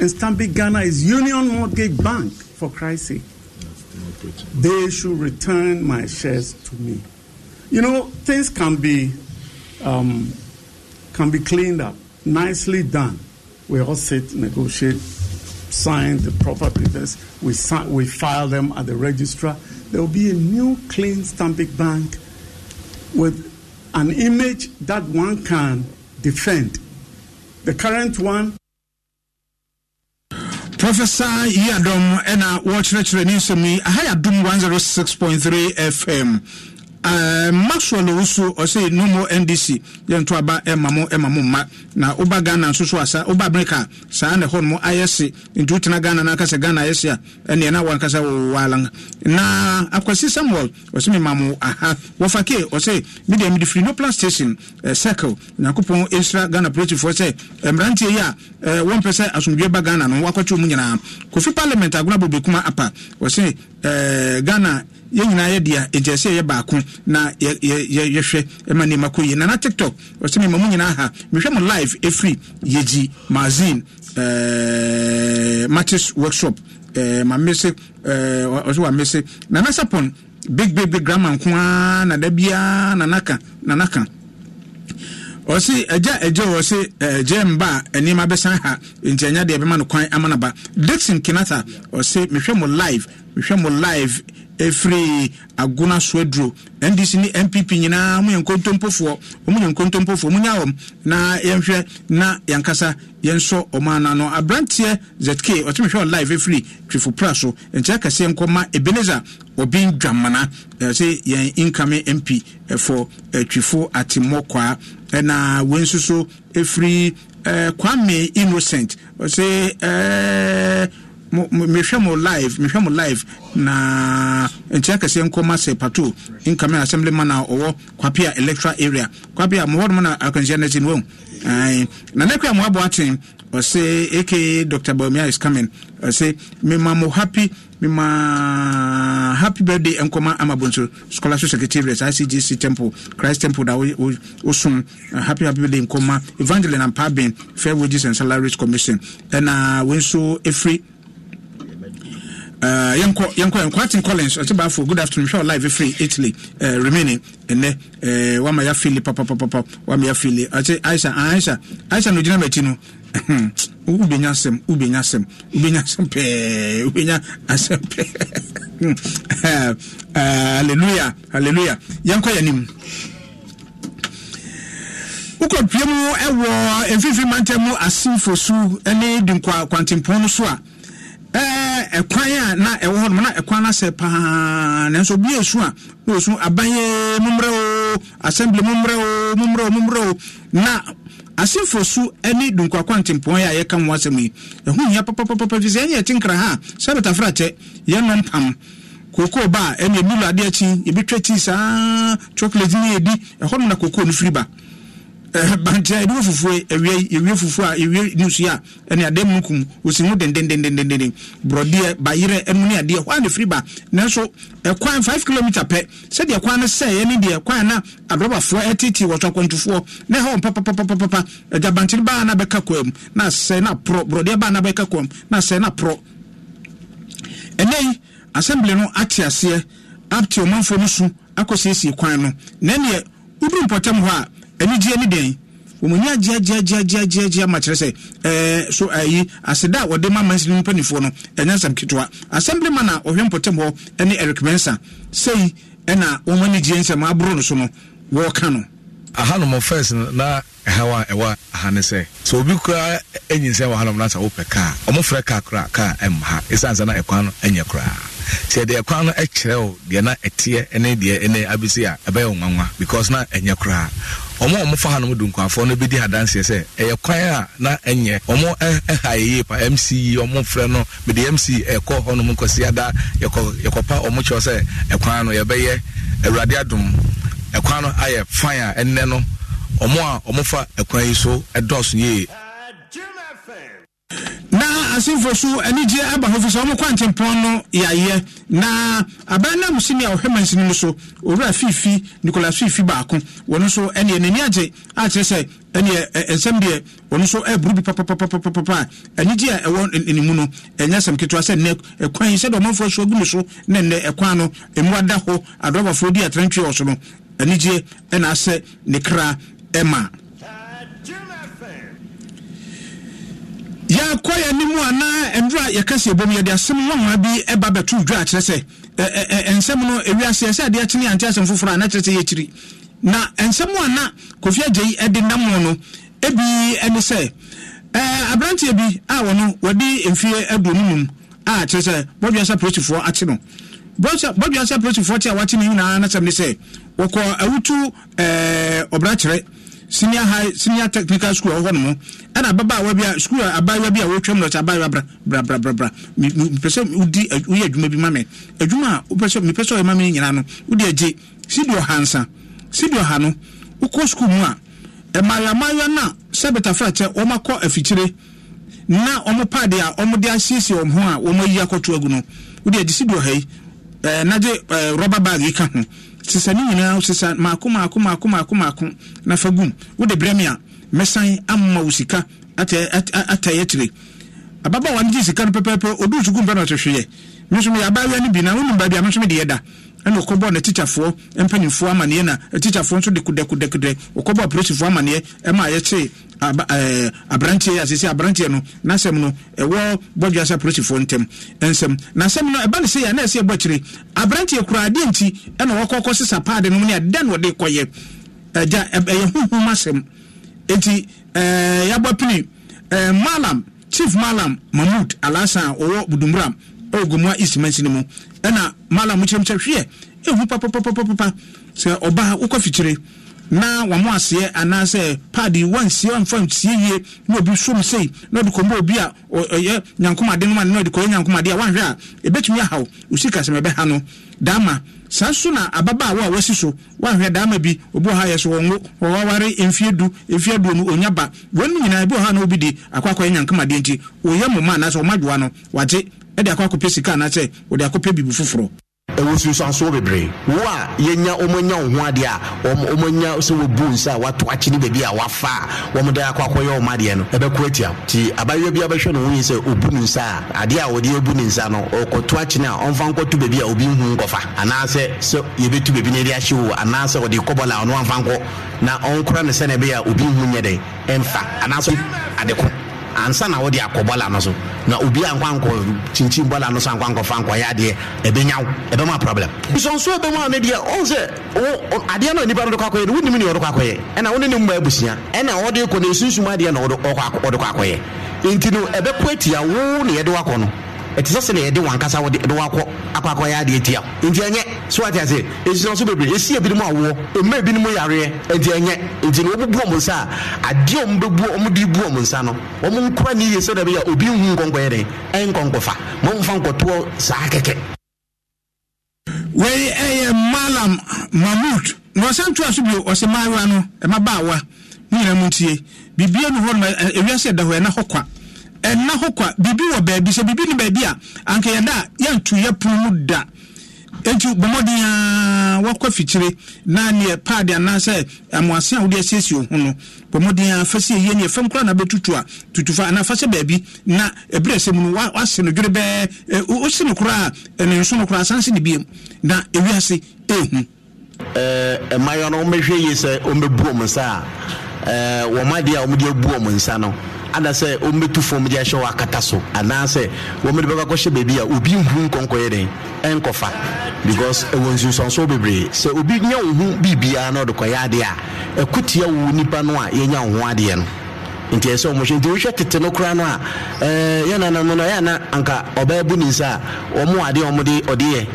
Speaker 5: And Stambik Ghana is Union Mortgage Bank, for Christ's sake. They should return my shares to me. You know, things can be um, can be cleaned up nicely done. We all sit, negotiate, sign the proper papers. We, sign, we file them at the registrar. There will be a new clean stamping bank with an image that one can defend. The current one. Professor Yadom, and I watch Rachel me. I had
Speaker 1: 106.3 FM. Eh, maxwell nso ɔsɛ no mo ndc ntụ aba ɛma mo ɛma mo mma na ụba ghana nsusu asa ụba amerika saa na ɛhɔ nom ayɛ se nti wotena ghana na akasɛ ghana ayɛ se a ɛneɛ na wankasa wɔwalan na akwasi samuel ɔsɛ mema mo aha wɔfa ọsị ɔsɛ medeɛ mede firi noplan station eh, circle nyankopɔn ɛsra ghana politifoɔ sɛ eh, mmeranteɛ yi a eh, wɔmpɛ sɛ asomdwe ba ghana no wakɔkyew mu nyinaa kofi parliament agona bobɛkuma apa ɔsɛ eh, ghana yɛn nyinaa yɛ deɛ ɛnti ɛsɛ yɛ baako na yɛhwɛ ɛma nneɛma kɔ yie nana tiktok ɔsɛ mi ma mo nyinaa ha mehwɛ mo live ɛfiri yɛgyi magazine ɛɛ matches workshop ɛɛ ma mmese ɛɛ ɔsɛ wa mmese nana sapon big big big grammar nko ara na da biara nana ka nana ka ɔsi ɛgya ɛgya ɔsi ɛgya mba nneɛma bɛsan ha nti ɛnya deɛ bɛma no kwan ama na ba dixon kinata ɔsi mehwɛ mo live mehwɛ mo live. ɛfiri agona so aduro ndc ne mpp nyinaa moyɛ nkontompofoɔ ɔmoyɛ nkontompofoɔ monya wɔm na yɛnhwɛ na yɛnkasa yɛnsɔ ɔmaana no aberanteɛ zk ɔtumhwɛ on live ɛfiri twifo pra so nkyerɛ kɛseɛ nkɔma ebeneza obi ndwamana sɛ yɛn incoming mp for twifo atemmɔ kwaa ɛna wei nso so ɛfiri kwame innocent ɔsɛ mehwɛ mo live mehwɛ mo live na nkyɛn kɛseɛ nkɔma sɛ pato incoming assembly man a ɔwɔ kwapea electoral area kwapea mo hɔnom na akwanhyia no akyi no wɔn na ne kura mo abo aten ɔsɛ aka dr baomia is coming ɔsɛ mema mo happy mema happy birthday nkɔma amabonso scholarship secretariat icgc temple christ temple da wosom uh, happy happy birthday nkɔma evangeline ampabin fair wages and salaries commission ɛna wei nso ɛfiri Eh, yɛnkɔ yɛnkɔ nkwate collins ɔtebafo good afternoon hwɛ live free italy uh, remaining ɛnɛ uh, eh, wama ya fili papapapa wama ya fili ɔte aisha ah, aisha aisha no gyina m'akyi no wobɛnya asɛm wobɛnya asɛm wobɛnya asɛm pɛɛ wobɛnya asɛm pɛɛ hallelujah hallelujah yɛnkɔ yɛnim wokɔ pie mu ɛwɔ mfimfini mantam mu asemfo su ne dinkwa kwantempɔn no so a ɛkwan eh, eh, a na ɛwɔ hɔ na ɛkwan no asɛ paa nanso obi esu a na osu abayɛ mumrɛ o assembly mumrɛ o mumrɛ o mumrɛ o na asefo su ne dunkwakwa ntempɔn a yɛka ho asɛm yi ɛho hia papapapa fi sɛ ɛne yɛte nkra ha sɛbɛta frakyɛ yɛnom pam kokoo ba a ɛne ɛbi lɔ adeɛ akyi yɛbɛtwa ti saa chocolate ni yɛdi ɛhɔ nom na kokoo no firi ba Eh, bankyɛ ɛde fufuo ɛwie ɛwie fufuo a ɛwie nusu a ɛne adeɛ mu kum osi mu dendendendendenden borɔdeɛ bayerɛ ɛmu ne adeɛ hɔ a ne firi ba nanso ɛkwan five kilometre pɛ sɛdeɛ kwan no sɛ ɛne deɛ kwan na adɔbafoɔ ɛtete wɔtɔ akwantufoɔ na ɛhɔ papapapapapa ɛgya bankyɛ baa na bɛka kwan mu na asɛ na porɔ borɔdeɛ baa na bɛka kwan mu na asɛ na porɔ ɛnɛ yi assembly no ate aseɛ apte ɔmanfoɔ no so akɔsiesie kwan no na ɛneɛ woduru mpɔtam hɔ a anigyeɛ ne dɛn wɔmani agyeagyeagyeagyeagyeagyea ma kyerɛ sɛ ɛɛ eh, so ayi aseda a wɔde ma mansi no mpanimfoɔ no ɛnyɛ nsɛm ketewa assembly man a ɔhwɛ mpɔtam hɔ ne eric mensa sei ɛna wɔn ani gyeɛ nsɛm aboro no so no wɔreka no ahanom first na ɛhaw a ɛwɔ aha ne sɛ sɛ obi koraa anyinsɛn wɔ hanom no sɛ wopɛ kaa ɔmofrɛ kaa kora kaa ɛmma ha ɛsiane sɛ na ɛkwan no ɛnyɛ koraa sɛ deɛ kwan no kyerɛ wo deɛ na ɛteɛ ne deɛ ɛnɛ abɛsi a ɛbɛyɛ wo nwanwa because na ɛnyɛ koraa ɔmo a ɔmofa hanom do nkuafoɔ no bɛdi adanseɛ sɛ ɛyɛ kwan a na ɛnyɛ ɔmo ɛha eh, eh, yie pa yi ɔmo frɛ no mede mce eh, ɛkɔ hɔnom nkɔsi ada yɛkɔpa ɔmo kyerɛw sɛ ɛkwan no yɛbɛyɛ awurade adom ɛkwan no ayɛ fan a ɛnnɛ no ɔmo a fa ɛkwan yi so ɛdɔɔso yie amansinfo so anigyeɛ aba hɔ firi sɛ ɔmo kwantempɔn no yɛayɛ na aban nam sini a ɔhwɛ mansini no so owura fiifi nicolas fiifi baako wɔno so ɛneɛ n'ani agye akyerɛ sɛ ɛneɛ nsɛm deɛ ɔno nso ɛburu bi papapapapapa a anigye a ɛwɔ ne mu no ɛnyɛ sɛm ketewa sɛ nnɛ ɛkwan sɛdeɛ ɔmanfoɔ so agu mu so ne nnɛ ɛkwan no ɛmu ada hɔ adorabafoɔ di atrantwie wɔ so no anigyeɛ ɛna asɛ ne kra ɛma ɛkɔ yɛ anim anaa ndura yɛka sɛ ɛbom yɛde asɛm nwanwa bi ɛba bɛto dwa akyerɛ sɛ nsɛm no ɛwiase ɛsɛ adeɛ kyene ante asɛm foforɔ a na kyerɛ sɛ yɛkyiri na nsɛm a na kofi agye yi ɛde nam no no ebi ɛne sɛ ɛɛ aberanteɛ bi a wɔn wɔde mfie aduonu mu a kyerɛ sɛ bɔdwasa polisifoɔ akye no bɔdwasa polisifoɔ te a wɔakye no nyinaa na sɛm ne sɛ wɔkɔ awutu ɛɛ ɔbrakyerɛ senior high senior technical school ɔwɔ no mu ɛna ababaawa bi a school a abaawa bi a wɔtwam no ɔte abaawa bra bra bra bra bra mepɛ sɛ wodi woyɛ adwuma bi ma adwuma a wopɛ sɛ mepɛ sɛ ɔyɛ ma me nyinaa no wode agye sidi ɔha nsa sidi ɔha no wokɔ school mu a ɛmayamaya no a sɛ bɛtafrakyɛ wɔma kɔ afikyire na ɔmo paade a ɔmo de asiesie ɔmo ho a wɔmo ayi akɔto agu no wode agye sidi ɔha yi ɛɛ nagye ɛɛ rɔba baage ka ho sesa ne nyinaa sesa maako maako maako maako maako na fa gum wode brɛ me a mɛsan ama wo sika atae atire ababaawa no gye sika no pɛpɛpɛ ɔduu sukuu mpɛ na ɔtehweyɛ me nso meyɛ abaawiwa no bi na wonim baabi a me nso yɛ da ɛna ɔkɔbɔ ne tikyafoɔ mpanimfoɔ amaneɛ na tikyafoɔ nso dekudekudekudɛ ɔkɔbɔ apolisifoɔ amaneɛ ɛma yɛkyere aberanteɛ yi asese aberanteɛ no n'asɛm no ɛwɔ bɔdwasa polisifoɔ ntɛm nsɛm n'asɛm no ɛba ne sɛ yɛ ana ɛsɛ ɛbɔ akyire aberanteɛ kura adeɛ nti ɛna wɔkɔkɔ sesa paade no mu ne adeɛ na ɔde kɔyɛ ɛgya ɛyɛ huhum asɛm eti ɛɛ yabɔ pini ɛɛ malam chief malam mahmud alasan ɔwɔ budumura ɛwɔ gomua east mansi ne mu ɛna mala kyerɛmkyɛ hweɛ ɛhu papapapapa sɛ ɔba wokɔ fikyire na wamo aseɛ anaasɛ paadi wansie amfa nsie yie na obi som sei na ɔde kɔmbɔ obi a ɔyɛ nyankomade nom na ɔde kɔyɛ nyankomade a wanhwɛ a ɛbɛtumi ahaw osika sɛ mɛbɛha no daama saa nso na ababaawa a wasi so wahwɛ daama bi obi ɔha yɛ so ɔnwo ɔwaware mfie du mfie duonu onya ba wɔn nyinaa ebi ɔha na obi di akɔ akɔyɛ nyankomadeɛ nti oyɛ mɔma anaasɛ ɔmadwoa no wagye ɛde akɔ akɔpɛ sika anakyɛ wɔde akɔpɛ biribi foforɔ ɛwɔ nsunsuansoɔ bebree wo a yɛnya ɔmo anya wo ho adeɛ a ɔmo sɛ wɔbu nsa a
Speaker 4: wato akyi ne baabi a wafa a wɔn de akɔ akɔyɛ ɔmo adeɛ no ɛbɛko atia nti abayewa bi abɛhwɛ no ho yi sɛ obu ne nsa a adeɛ a wɔde abu ne nsa no ɔkɔto akyi no a ɔmfa nkɔto baabi a obi nhu nkɔfa anaasɛ sɛ yɛbɛtu baabi na yɛde ahyɛ wo anaasɛ wɔde kɔbɔla ɔno amfa nkɔ na ɔnkora ne sɛnɛ bɛyɛ a obi nhu nyɛ dɛn ɛmfa anaasɛ adeko ansa na wode akɔ bɔla no so na obi a nkwankɔ kyinkyin bɔla no so ankwankɔ fa nkɔ yɛ adeɛ ɛbɛnya wo ɛbɛma problem so ebe ɛbɛmu a ne deɛ ɔhu sɛ adeɛ no nnipa no de kɔ akɔyɛ no wonim ne ɔde kɔ akɔyɛ ɛna wone ne mma abusua ɛna ɔde kɔ ne ɛsunsum adeɛ na ɔde kɔ akɔyɛ nti no ɛbɛkɔ atia wo ne yɛde wakɔ no ɛte sɛ sɛne yɛde wankasa wode wakɔ akɔakɔyɛ adeɛ tia nti ɛnyɛ so wate ase ɛsusua nso bebree ɛsi ebinom awoɔ ɛma ebinom yareɛ nti ɛnyɛ nti na wɔbubu ɔmo nsa a adeɛ ɔmo bɛbu ɔmo de bu ɔmo nsa no ɔmo nkora ne yie sɛdeɛ bɛyɛ obi nhu nkɔnkɔyɛ den ɛnkɔnkɔfa ma ɔmfa nkɔtoɔ saa kɛkɛ
Speaker 1: wei ɛyɛ eh, malam mahmud na ɔsɛ ntoa so bio ɔsɛ maayewa no ɛma e baawa ne nyina mu ntie biribia no hɔ no ma eh, eh, ewiase ɛda hɔ ɛna hɔ kwa ɛnna hɔ kwa biribi wɔ baabi sɛ biribi ne baabi a anka yɛda a yɛnto yɛ pono mu da nti bɔmmɔden a wakɔ fikyire na neɛ paade anaasɛ amoase a wode asiesie ho no bɔmmɔden a fa sɛ ɛyie neɛ fam kora na bɛtutu a tutufa anaa fa sɛ baabi na ɛberɛ sɛ mu no wase no dwere bɛɛ wose no koraa ɛne nso no koraa asanse ne biam na ɛwiase ɛhu ɛmayɔ no womɛhwɛ yie sɛ wɔmmɛbuo m nsa
Speaker 4: a wɔma a wɔmde abuo m nsa no anasɛ ɔmbɛtu fam de ahyɛ wɔ akata so anaasɛ wɔmde bɛkɔ akɔhyɛ baabi a obi nhu nkɔnkɔyɛ den ɛnkɔfa because ɛwɔ nsusuansoɔ bebree sɛ obi nya wo ho biribiaa na ɔde kɔyɛ adeɛ a wo nipa no a yɛnya wo ho adeɛ no nti ɛsɛ nti wohwɛ tete no a no anka ɔbɛɛ bu ne nsa a ɔmo adeɛ ɔmode owie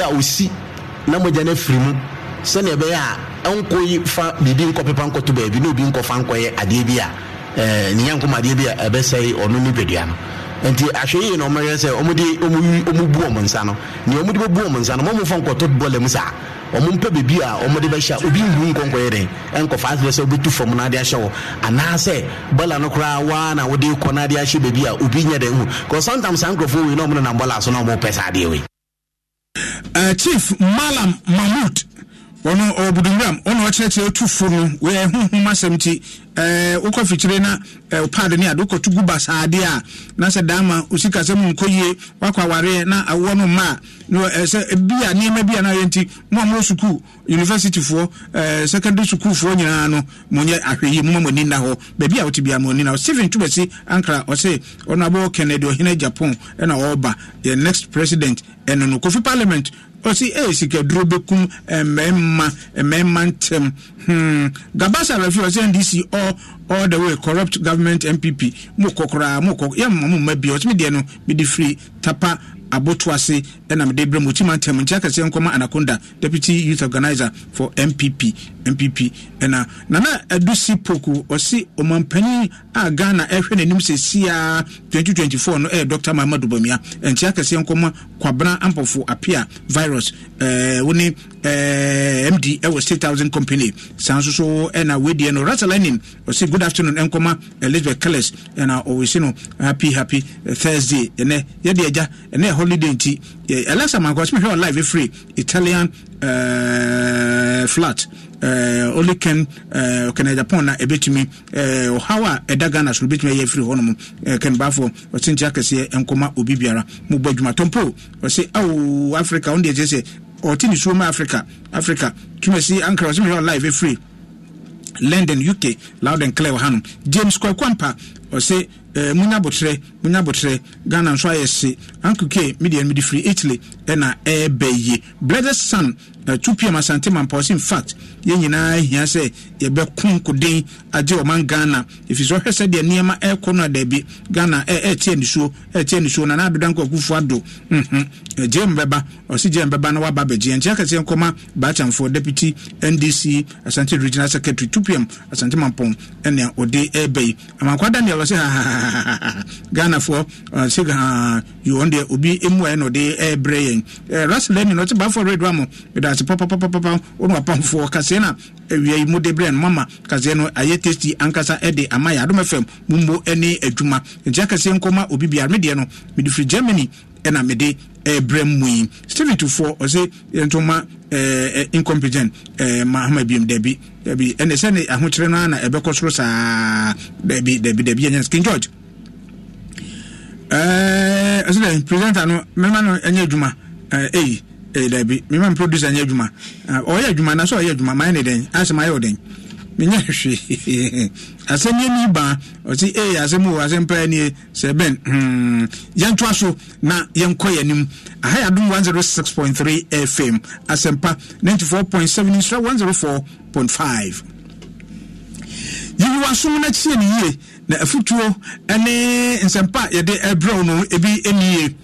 Speaker 4: a ɔsi na mogya no afiri na obi nkɔfa nkɔyɛ adeɛ bi Eh, ne yankomadeɛ bi a ɛbɛsɛe ɔno ne dwadua no nti ahwɛ yie na ɔmɛyɛ sɛ ɔmde ɔmu bu ɔmo nsa no nea ɔmde bɛbu ɔmo nsa no mɔmo fa nkɔtɔ bɔlɛ mu saa ɔmo mpɛ beebi a ɔmde bɛhyɛ obi nhu nkɔnkɔyɛ den nkɔfa asɛ sɛ ɔbɛtu fam na ade ahyɛ wɔ anaasɛ bɔlɛ no koraa waa na wɔde kɔ na ade ahyɛ beebi a obi nyɛ den hu kɔ sometimes saa nkurɔfoɔ wei na ɔmo nenam bɔlɛ aso na ɔmo pɛ saa adeɛ wei.
Speaker 1: Eh, chief malam mahmud ɔno ɔbudumram ɔna ɔkyerɛkyerɛ tufo no wɔyɛ huhum asɛm ti wokɔ eh, fikyire na wopade eh, ne ade wokɔto gu basaadeɛ a na sɛ daama osika sɛ mu nkɔ yie wakɔ awareɛ na awoɔ no ma a eh, sɛ bia nneɛma bia no ayɛ nti mo a mowɔ sukuu universityfoɔ eh, secondary sukuufoɔ nyinaa no monyɛ ahwɛyie moma mo ani nna hɔ baabi a wote biaa mo na stephen tubasi ankra ɔse ɔno abɛwɔ kennedy ɔhene japan ɛna ɔreba yɛ next president ɛno no kofi parliament ɔsi ɛyɛ eh, sikaduro bɛkum eh, mmarima eh, mmarima ntɛm hmm gabasa rafi ɔsi ndc all all the way corrupt government npp mu kɔkɔraa mu kɔ yɛ mu ma bi ɔsi mi deɛ no mi di firi tapa aboto ase ɛna mede brɛ mu ɔkyima ntɛm nkyɛ akɛseɛ nkɔma anaconda deputy youth organizer for mpp mpp ɛna nana adusi poku ɔse ɔmampanin a ghana ɛhwɛ n'anim sɛsiaa 2024 no ɛyɛ dr mahamadu bamia ɛnkyɛ akɛseɛ nkɔma kwabena ampɔfo apia virus ɛɛ wo ne ɛɛ md ɛwɔ state housing company saa nso so ɛna wedeɛ no rasa lenin ɔse good afternoon ɛnkɔma elizabeth kellis ɛna ɔwɔ si no happy happy thursday ɛnɛ yɛde agya ɛnɛ holiday nti ɛlɛsa mankɔsi mehwɛ on live efiri italian uh, flat uh, only can uh, can japan na ebetumi ɔhaw uh, a ɛda ghana so ebetumi ɛyɛ efiri hɔnom uh, ken baafo ɔsi nkyɛn akɛseɛ nkɔma obi biara mo bɔ adwuma tɔmpo ɔsi awo africa ɔn deɛ kyerɛ sɛ ɔte ne suo ma africa africa tuma si ankara ɔsi mehwɛ on live efiri london uk loud and clear wɔ hanom james kwakwampa ɔsi. Eh, munya botrɛ munya botrɛ ghana nso ayɛ se ankuke media no mede firi italy ɛna ɛɛbɛ yie blessed son na 2 pm asante mampaw sɛ infact yɛn nyinaa hia sɛ yɛbɛko nkoden agye ɔman ghana ɛfiri sɛ ɔhwɛ sɛdeɛ nneɛma ɛrekɔ no a daabi ghana ɛɛte anisuo ɛɛte anisuo na naadoda nkɔ akufo ado gyem bɛba ɔse gyem bɛba na waba abɛgye ɛnkyɛ akɛseɛ nkɔma baatamfoɔ deputy ndc asante regional secretary 2 pm asante mampɔn ɛnea ɔde ɛɛbɛ yi amankwa daniel ɔse hahahaha ghanafoɔ ɔse uh, haa yɔn deɛ obi emu ayɛ na ɔde ɛɛbrɛ yɛn eh, raslenin ɔte baafo red wa mo ɛda ɛsɛ papapapa wɔn apamfoɔ kaseɛ na awia yi mu de brɛ no mama kaseɛ no ayɛ tasty ankasa ɛde ama yɛ adom fm mumbo ɛne adwuma nti akaseɛ nkɔma obi biara me deɛ no mede firi germany ɛna mede ɛbrɛ mu yi steve tufoɔ ɔsɛ ntoma ɛɛ incompetent ɛɛ mahama biem dabi dabi ɛnɛ sɛne ahokyerɛ no ara na ɛbɛkɔ soro saa dabi dabi dabi ɛnyɛ skin george ɛɛ ɛsɛ dɛ presenter no mɛma no ɛnyɛ adwuma ɛɛ eyi ɛyɛ eh, dabi mema producer nyɛ adwuma ah, ɔyɛ adwuma na sɛ ɔyɛ adwuma mayɛ ne dɛn asɛ mayɛ wo dɛn menyɛ hwee asɛm yɛni baa ɔse e eh, asɛm o asɛm paa nie sɛ bɛn hmm, yɛntoa so na yɛnkɔ yɛ anim aha yɛadom 106.3 fm asɛmpa 94.7 nsra 104.5 yiwiwasom no akyiɛ ne yie na afotuo ne nsɛmpa a yɛde brɛw no ebi nie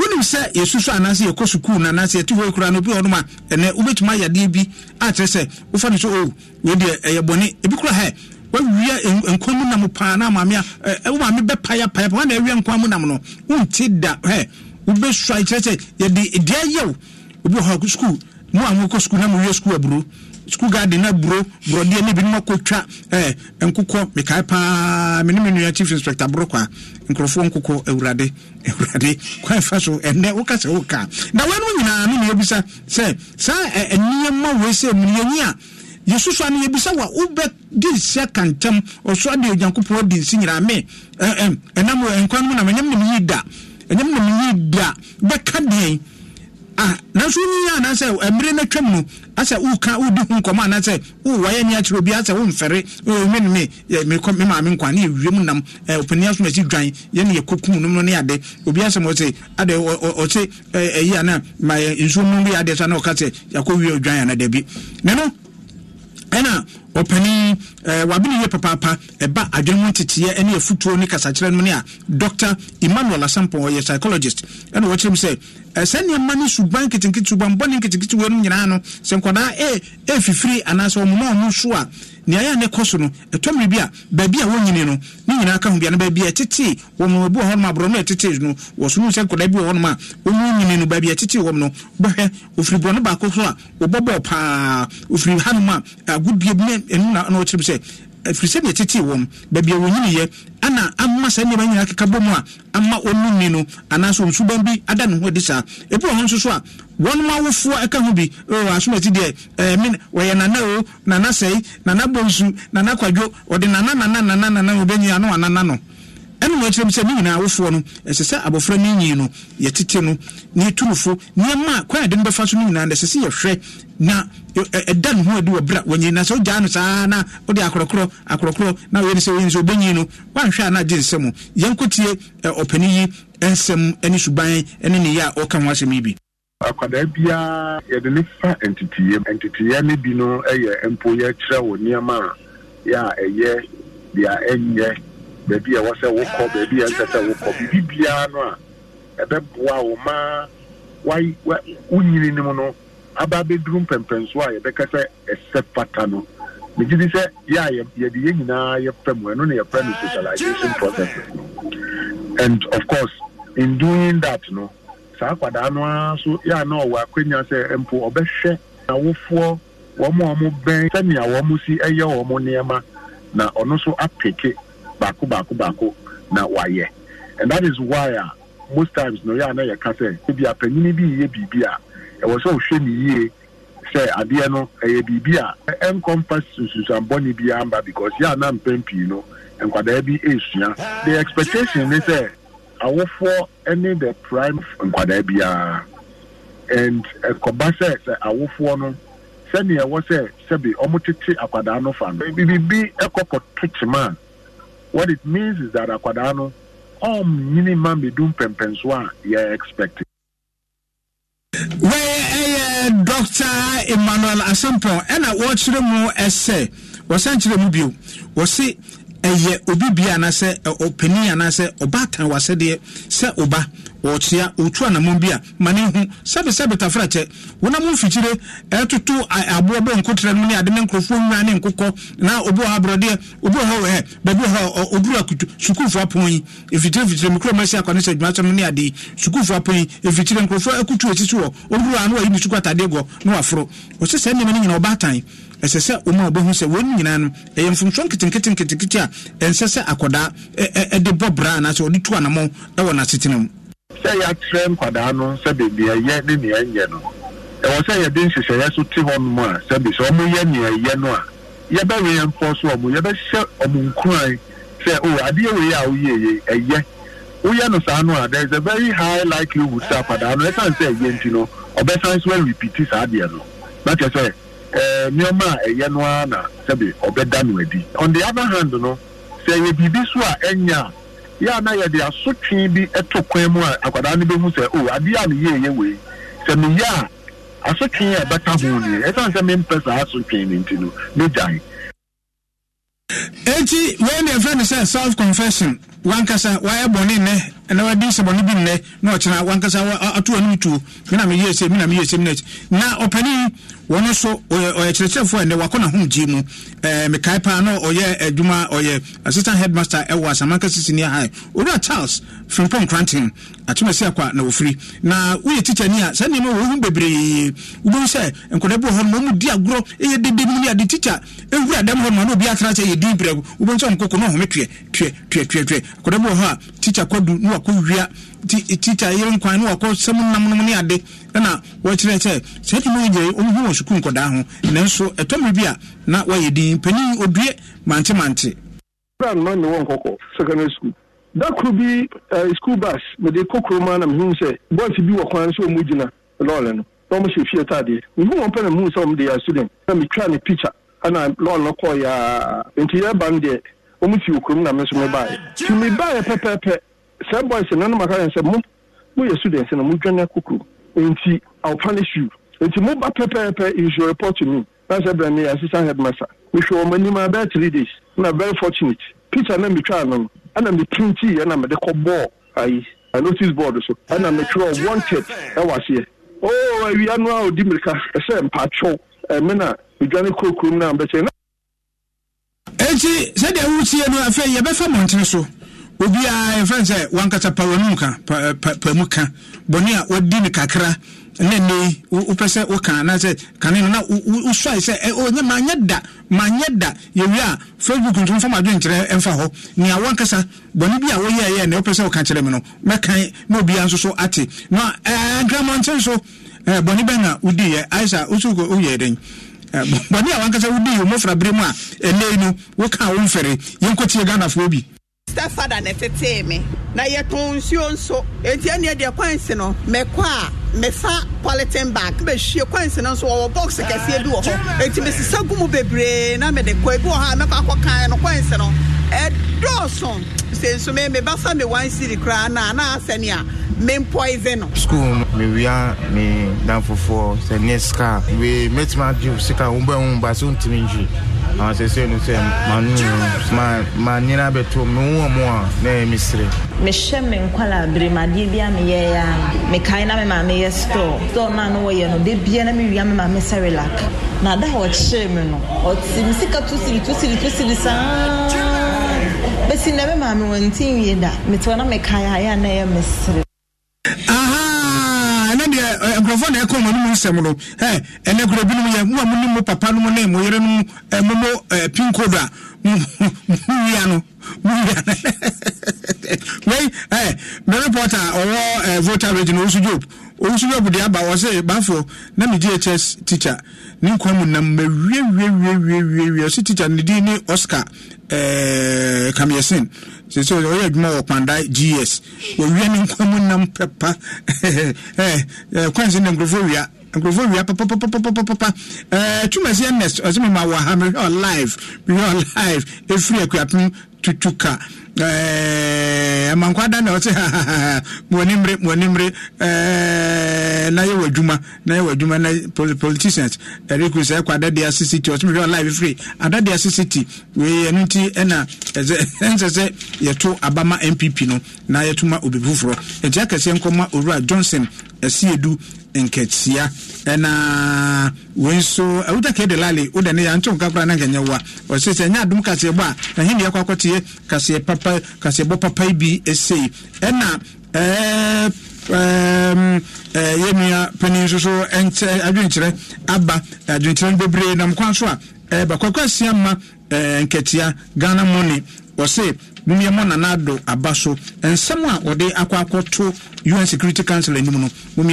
Speaker 1: wonim sɛ yɛsusu anaasɛ yɛkɔ sukuu no anaasɛ yɛte hɔ kura no obi hɔnom a ɛnɛ wobɛtumi ayɛ adeɛ bi akyerɛ sɛ wofa no sɛ oh, o wedeɛ ɛyɛ bɔne ebi kora ha wawia nkwa mu nam paa na maame a wo maame bɛpayapayapa wana awia nkwa mu nam no wonte da hɛ wobɛsua kyerɛ sɛ yɛde deɛ yɛw obi hɔ sukuu mu a mokɔ sukuu na mowie sukuu aburo school garden na buro borɔdeɛ ne binom akɔtwa eh, nkokɔ mekae paa mene me nua chief inspector borɔkɔ a nkurɔfoɔ nkokɔ awurade awurade kwan fa so ɛnɛ woka sɛ woka na wɔnom nyinaa no neɛbisa sɛ saa nneɛma wei sɛ mmienyi a yesu so ano yɛbisa wa wobɛdi nsia ka ntam ɔso ade onyankopɔn adi nsi nyinaa me eh, eh, ɛnam eh, nkwa no mu nam ɛnyam ne meyi da ɛnyam ne meyi da bɛka deɛn ah, nanso woyiyi anaasɛ mmerɛ no atwam no asɛ woka wodi ho nkɔmɔ anasɛ wowayɛ ni akyerɛ obi asɛ womfɛre mene me mekɔ me maame nkwa ne yɛwiam nam ɔpani aso masi dwan yɛne yɛkɔkum nom no ne ade obi asɛm ɔse ade ɔse ɛyi ana ma nsuo mu no yɛ ade so ana ɔka sɛ yɛakɔwie odwan ana da bi ne no ɛna ɔpanin ɛɛ eh, wabene yie papaapa ɛba adwene ho teteɛ ɛne afutuo ne kasakyerɛ no ne a dr emmanuel asampɔn ɔyɛ psychologist ɛna wɔkyerɛ mu sɛ ɛsɛ eh, nneɛma ne suban nketenkete suban bɔne nketenkete wɔ mu nyinaa no sɛ nkwadaa ɛɛ e-, ɛɛfifiri anaasɛ ɔmo na ɔmo so a nea ɛyɛ ne kɔ so no ɛtɔmmere bi a baabi a wɔnyini no ne nyinaa ka ho bia no baabi a ɛtete wɔm ɛbi wɔ hɔnom aborɔ no ɛtete no wɔ so no sɛ nkɔda bi wɔ hɔnom a wɔmu nyini no baabi a ɛtete wɔm no wobɛhwɛ ɔfiri borɔ no baako so a wɔbɔbɔɔ paa ɔfiri hanom a agodua bi ne ɛnu na ɔkyerɛ mu sɛ ɛfiri sɛ deɛ tetee wɔm baabi a wɔnyiniyɛ ana ama saa nneɛma nyinaa keka bɔ mu a ama ɔnu no anaasɛ ɔnsuban bi ada ne ho adi saa ebi wɔ hɔ nso so a wɔn mu awofoɔ ɛka ho bi ɛwɔ asomati deɛ ɛɛ min wɔyɛ nana o nana sɛɛ nana bonsu nana kwadwo wɔde nana nana nana nana wɔbɛnyi ano anana no ɛna wɔn akyerɛ sɛ ne nyinaa awofoɔ no ɛsɛ sɛ abɔfra no nyi no yɛtete no ne yɛturufo nneɛma a kwan a yɛde bɛfa so no nyinaa no ɛsɛ sɛ yɛhwɛ na ɛda ne ho adi wɔ berɛ wɔnyi na sɛ wogyaa no saa na wode akorɔkorɔ akorɔkorɔ na wɔyɛ no sɛ wɔyɛ no sɛ wobɛnyi no woanhwɛ a na agye nsɛm o yɛnkɔtie ɔpani
Speaker 2: yi nsɛm ne suban ne ne yɛ a ɔka ho asɛm yi bi akwadaa biara yɛde ne fa ntitiyɛ ntitiyɛ no bi no yɛ mpo yɛkyerɛ wɔ nneɛma a yɛ a ɛyɛ deɛ ɛnyɛ baabi a ɛwɔ sɛ wokɔ baabi a ɛnsɛ sɛ wokɔ biribi biara no a ɛbɛboa wo ma wonyini no mu no aba abɛduru mpɛmpɛnso a yɛbɛka sɛ ɛsɛ fata no megye di sɛ yɛ a yɛde yɛn nyinaa yɛfɛ mu ɛno na yɛfrɛ no ah, socialization process and of course in doing that no saa akwadaa no ara so yɛ a na ɔwɔ akwanya sɛ mpo ɔbɛhwɛ awofoɔ wɔn a wɔn bɛn sɛnea wɔn si yɛ wɔn nneɛma na ɔno nso apeke baako baako baako na wayɛ and that is why a uh, most times no yɛ na yɛ yɛka sɛ ebi panyini bi yɛ biribi a ɛwɔ e sɛ ɔhwɛ ne yie sɛ adeɛ no ɛyɛ e biribi a ɛnkɔmpa e, susuambɔne biara mba because ya na mpɛn pii no nkwadaa bi esua the expectation ne sɛ awofoɔ ɛne the prime nkwadaa biara and ɛkɔba sɛ sɛ awofoɔ no sɛnea ɛwɔ sɛ sɛbi ɔmo tete akwadaa no fa no bibibi ɛkɔkɔ kyema what it means is that akwadaa no ɔmnyini ma mmɛdu mpɛmpɛnso a yɛ expect
Speaker 1: wɔyɛ eh, dr emmanuel asampɔn ɛna wɔkyerɛ mu ɛsɛ wɔsankyerɛ mu bio wɔse ɛyɛ obi bia anaasɛ ɔpanin anaasɛ ɔbaatan wasɛdeɛ sɛ ɔba ɔkyea ɔtu anamɔ bi a ma ne hu sɛbe kyɛ betafrakyɛ wonam mfikyire ɛtoto aboɔ bɛ nkotrɛ no ne ade ne nwura ne nkokɔ na obi wɔ aborɔdeɛ obi wɔ hɔ ɛ baabi wɔ hɔ ɔduru akutu sukuufoɔ apɔn yi mfikyire mfikyire mekuro akɔne sɛ ne ade yi wɔ ano ne sukuu atadeɛ gɔ ne ɛsɛ sɛ wɔn a wɔbɛhu sɛ wɔn nyinaa no ɛyɛ mfomsoɔ nketenkete nketenkete a ɛnsɛ sɛ akwadaa ɛde bɔ bra anaasɛ ɔde tu anamɔ
Speaker 2: ɛwɔ n'asetena mu. sɛ yɛakyerɛ nkwadaa no sɛ beebi ɛyɛ ne nea ɛnyɛ no ɛwɔ sɛ yɛde nhyehyɛeɛ so te hɔ nom a sɛbi sɛ ɔmo yɛ nea ɛyɛ no a yɛbɛwɛ yɛmpɔ so ɔmo yɛbɛhyɛ ɔmo nkuran sɛ o oh, adeɛ wei a woyɛ yɛ ɛyɛ woyɛ no saa no a there is a very high likelihood sɛ akwadaa no ɛsan sɛ ɛyɛ nti no ɔbɛsan so ɛrepiti saa adeɛ no na kyerɛ sɛ Eh, nneɛma a ɛyɛ no ara na sɛbi ɔbɛda no adi on the other hand no sɛ ɛyɛ biribi so a ɛnya a yɛ a na yɛde asotwe bi ɛto kwan mu a akwadaa no bɛhu sɛ o oh, adeɛ a ne yɛ yɛ wei sɛ ne yɛ a asotwe a ɛbɛka ho nie ɛsan sɛ mempɛ saa asotwe no nti no ne gyae eti wɔn deɛ fɛn no sɛ self confession wankasa wayɛ bɔne nnɛ
Speaker 1: ɛna wadi nsɛmɔne bi nnɛ na ɔkyena wankasa ato anom tuo mena meyɛ sɛ mena meyɛ sɛm net na ɔpani wɔno so ɔyɛ kyerɛkyerɛfoɔ ɛnɛ wakɔ n'ahom gye mu mekae paa na ɔyɛ adwuma ɔyɛ assistant headmaster ɛwɔ sisi ni high owura charles frimpɔn kranten atomasi akwa na wɔfiri na woyɛ tikyani a saa nneɛma wɔhu bebree wobɛhu sɛ nkɔda bi wɔ hɔ no ma ɔmu di agorɔ ɛyɛ dedem ne ade tikya ɛwura dɛm hɔ no ma na obi atena sɛ yɛ din brɛ wobɛhu sɛ ɔnkoko na ɔhome twɛ twɛ twɛ twɛ twɛ akɔda wɔ hɔ a teacher kwadu na wakɔ wia teacher yere nkwan na wakɔ sɛm nam nom ne ade ɛna wɔkyerɛ sɛ sɛ ɛdi mu yɛ ɔmuhu wɔ sukuu nkɔdaa ho nanso ɛtɔmiri bi a na wɔyɛ din panyin odue
Speaker 2: mantemante. Bra no ne wɔn kɔkɔ secondary school. Da bi uh, school bus mede kɔ kuroma na mehu sɛ boys bi wɔ kwan sɛ ɔmu gyina lɔɔre no na ɔmo hyɛ fie ataadeɛ. Mehu wɔn pɛ na mehu sɛ ɔmo de yɛ student na metwa ne picture ana lɔɔre no kɔɔ yɛ nti yɛ ba deɛ wɔn fi okurom na mi nso mi baayɛ ti mi baayɛ pɛpɛɛpɛ sɛ boys na ɔnum akara sɛ mo mo yɛ students na mo dwene koko nti i punish you nti mo ba pɛpɛɛpɛ you should report to me na sɛ bɛn mi assistant headmaster mi hwɛ wɔn anim abɛɛ three days na very fortunate Peter, na mi twa ano ɛna mi printi ɛna mi de kɔ bɔɔl ayi a notice board so ɛna mi twerɛ wanted ɛwɔ aseɛ ooo oh, awia no a odi mirika ɛsɛ mpatwɛw ɛmɛ na edwane kuro kurom na abɛkyɛ na
Speaker 1: enti sɛdeɛ wotie no afei yɛbɛfa mmɔntene so obiaa yɛfrɛ sɛ wankasa pawanu ka pamu ka bɔne a wadi no kakra na ne wopɛ sɛ woka anasɛ kane no na wosuae sɛ manyɛ da manyɛ da yɛwie a facebook nto mfa madwenkyerɛ ɛmfa hɔ nea wankasa bɔne bi a woyɛɛyɛ na wopɛ sɛ woka kyerɛ me no mɛkae na obiaa nso so ate na nkramɔnten so bɔne bɛn a wodiiɛ aisa wosowoyɛ dɛn bɔne a wankasa wodii wo mmɔfra berɛ mu a ɛnɛ no woka wo mfɛre yɛnkɔtie ghanafoɔ bi stafada na ɛtetee me na yɛtɔn nsuo
Speaker 4: nso enti ɛneɛ deɛ kwansi no mɛkɔ a mɛfa politin bag bɛhwie kwansi no nso wɔwɔ box kɛseɛ bi wɔ hɔ enti mesesa gu mu bebree na mede kɔ ebi wɔ hɔ a mɛkɔ akɔkae no kwansi no ɛdɔɔso eh, sɛ nso me mebasa me wan siri koraa na na asɛ a
Speaker 1: mempɔise no skul no mewia me damfofoɔ sɛ neɛ sika wei mɛtumi agye sika wobɛhu ba sɛ wontimi nhwi awasɛsɛ no sɛ mano bɛto mewowɔ mu a na ɛyɛ mesere
Speaker 4: mehyɛ me nkwala abirimadeɛ bi a meyɛɛ mekae na mema meyɛ store store no a no wɔyɛ no da na mewia mema me sɛ relac na da a me no ɔte sika tosiri tosiri tosiri saa bɛsi na me maame wɔnti nwie da metewa na mekaeɛ a na ɛyɛ
Speaker 1: mesere aha ɛnɛ deɛ eh, eh, nkurɔfoɔ na ɛkɔ ma no mu nsɛm no ɛnɛ kura binom yɛ mo a mo ne mo papa no mu ne mo yere no mu eh, mo mo pin code a mowia no mowia no wei me reporter ɔwɔ voter rate no ɔwusu job ɔwusu job deɛ aba wɔ se bafoɔ na me ghs teacher ne nkwa mu nam mawiawiawiawiawiɛ ɔse teacher ne din ne oscar kamyɛsen sɛ sɛ ɔyɛ adwuma wɔ kwandae gs wɔwia ne nkwa mu nam pɛpa kwan sɛ na nkurɔfoɔ wia nkurɔfoɔ wia papapapapapa tumasi ernest ɔsɛ mema wɔ ha mehwɛ live mehwɛ live ɛfiri akuapem tutuka Eh, mankwada na ɔte mɔnimre mɔnimre eh, na yɛ wɔ adwuma na yɛ wɔ adwuma na politicians ɛrekuru sɛ ɛkɔ adadeɛ asisi ti ɔtumi hwɛ ɔlaive free adadeɛ asisi ti wei ɛno nti ɛna ɛsɛ ɛnsɛ sɛ yɛto abama npp no na yɛtoma obi foforɔ ɛti akɛseɛ nkɔma owura johnson ɛsiedu nkɛtia ɛna wei nso awuta kɛ de lale wode ne yɛnto nka kora na nkɛnyɛ wo a ɔse sɛ ɛnyɛ adom kaseɛ bɔ a nahe deɛ kɔ akɔteɛ kaseɛ papa kaseɛ bɔ papa bi ɛsei ɛna ɛɛ yɛnua panin nso so ɛnkyɛ adwenkyerɛ aba adwenkyerɛ no bebree nam kwan so a ɛɛ bakwakwasia ma ɛɛ nketea ghana money wɔse mumiamɔ nanado aba so nsɛm a wɔde akɔ akɔto un security council anim no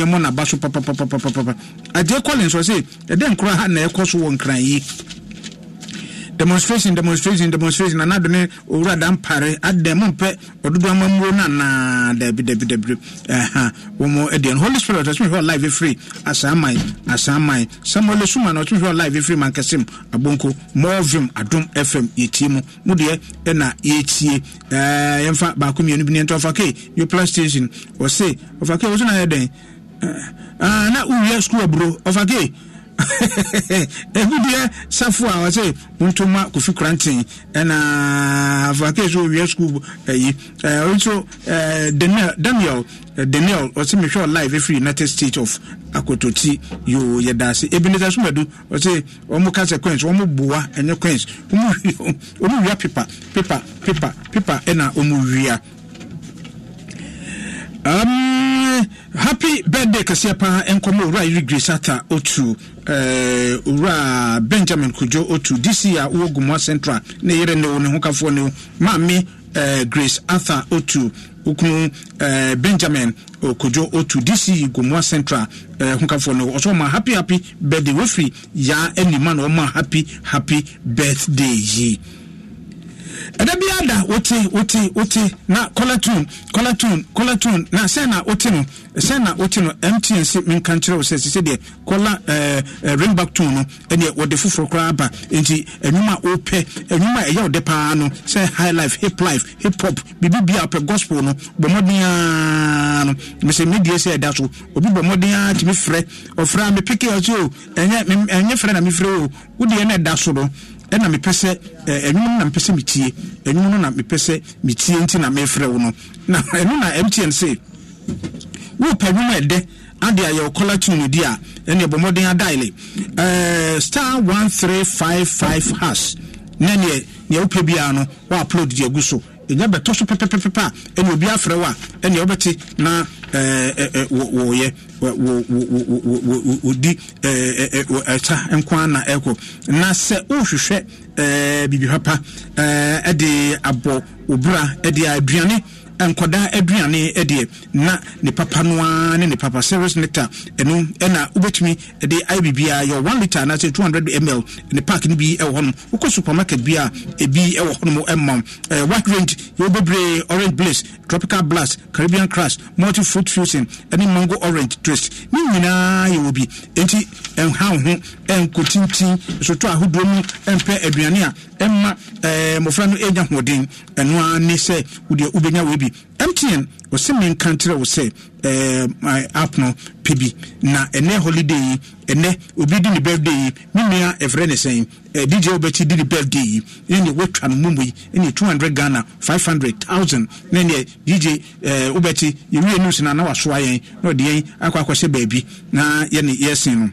Speaker 1: na naba so papapapapapa agye collins wɔ se ɛdɛ nkora ha na ɛkɔ so wɔ nkran yi demonstration demonstration demonstration anado ne owura da mpare adan mu mpɛ ɔdodo ama muro no anaa dabi dabi dabi ɛha wɔn ɛdeɛ no holy spirit ɔtumi free. ɔlaive firi asaaman asaaman samuel suma na ɔtumi hwɛ ɔlaive firi mankɛsɛm abonko mɔɔvim adum fm yɛtie mu mu deɛ ɛna yɛtie ɛɛ eh, yɛmfa baako mmienu bi ne yɛntɔ ɔfa kee yɛ plus station ɔse ɔfa kee wɔso na yɛ dɛn ɛɛ na uwie sukuu aburo ɔfa kee ebi deɛ safo a wɔsɛ montoma kofi kranten ɛna afakee so owia school ayi nso eh, eh, daniel daniel ɔsɛ eh, mehwɛ live ɛfiri united State of akototi yoo yɛda ase ebeneza sumadu ɔsɛ wɔn ka sɛ coins wɔn boa ɛnyɛ coins wɔn wia pepa pepa pepa pepa ɛna wɔn wia. Um, happy birthday kɛseɛ paa nkɔmɔ owura yiri grace otu uh, eh, owura benjamin kojo otu dc a wɔwɔ gumua central ne yere ne wo ne ho kafoɔ ne maame uh, grace arthur otu okunu uh, eh, benjamin okojo eh, otu dc gomua central uh, hunkafoɔ no ɔsɛ ɔma happy happy birthday ya yaa anima na ọma happy happy birthday yi ɛda bi ada wote wote wote na kɔlatun kɔlatun kɔlatun na sɛn na wote no sɛn na wote no mtn se menka nkyerɛ wo sɛ sɛ deɛ kɔla ɛɛ eh, ɛ eh, ringback tune. no ɛdeɛ wɔde foforɔ koraa aba nti ɛnwuma a wopɛ ɛnwuma ɛyɛ wo paa no sɛ high life hip life hip hop Bibi bi a wopɛ gospel no bɔ mmɔden a no mesɛ medie sɛ ɛda so obi bɔ mmɔden a tumi frɛ ɔfrɛ a mepeke ɔsɛ o ɛnyɛ ɛnyɛ frɛ na mefrɛ o wodeɛ no ɛda so no ɛna mepɛ sɛ eh, ɛnwom no na mepɛ sɛ metie ɛnwom no na mepɛ sɛ metie nti na mefrɛ wo no na ɛno na mtn se wopɛ nwom ɛdɛ ade a yɛwɔ kɔla tun no di a ɛne ɛbɔ mmɔden adaele star 1355 has na neɛ neɛ wopɛ biara no woaplod de agu so ɛnya bɛtɔ so pɛpɛpɛpɛ a ɛne obi afrɛ wo a ɛneɛ wobɛte na wɔyɛ wɔdi ɛsa nko ana ɛkɔ na sɛ wohwehwɛ biribi hɔ pa ɛde abɔ obra ɛde aduane nkwadaa aduane eh, deɛ na ne papa no ara ne ne papa service nectar ɛno ɛna wobɛtumi eh, de ayɛ biribiaa yɛ 1 litre anaasɛ 200 ml ne park no bi wɔ hɔnom wokɔ supermarket bi a ebi eh, wɔ hɔnom ma white range yɛwɔ bebree orange bliss tropical blast caribbean crash multi fruit fusion ɛne mango orange twist ne nyinaa yɛwɔ bi enti ɛnha wo ho ɛnkɔtintin soto ahodoɔ mu ɛmpɛ aduane a ɛma mmɔfra no ɛnya hoɔden ɛno ara ne sɛ wodeɛ wobɛnya wei bi mtn wɔsɛ menka nkyerɛ wo sɛ ɛɛ app no pɛ bi na ɛnɛ holiday yi ɛnɛ obi di ne birthday yi me nua ɛfrɛ ne sɛn dj wobɛkyi di ne birthday yi ɛne watwa no mumu yi ɛne 200 ghana 500000 na ɛneɛ dj ɛɛ wobɛkyi yɛwie news no a na wasoa yɛn na ɔde yɛn akɔ akɔhyɛ baabi na yɛne yɛsen no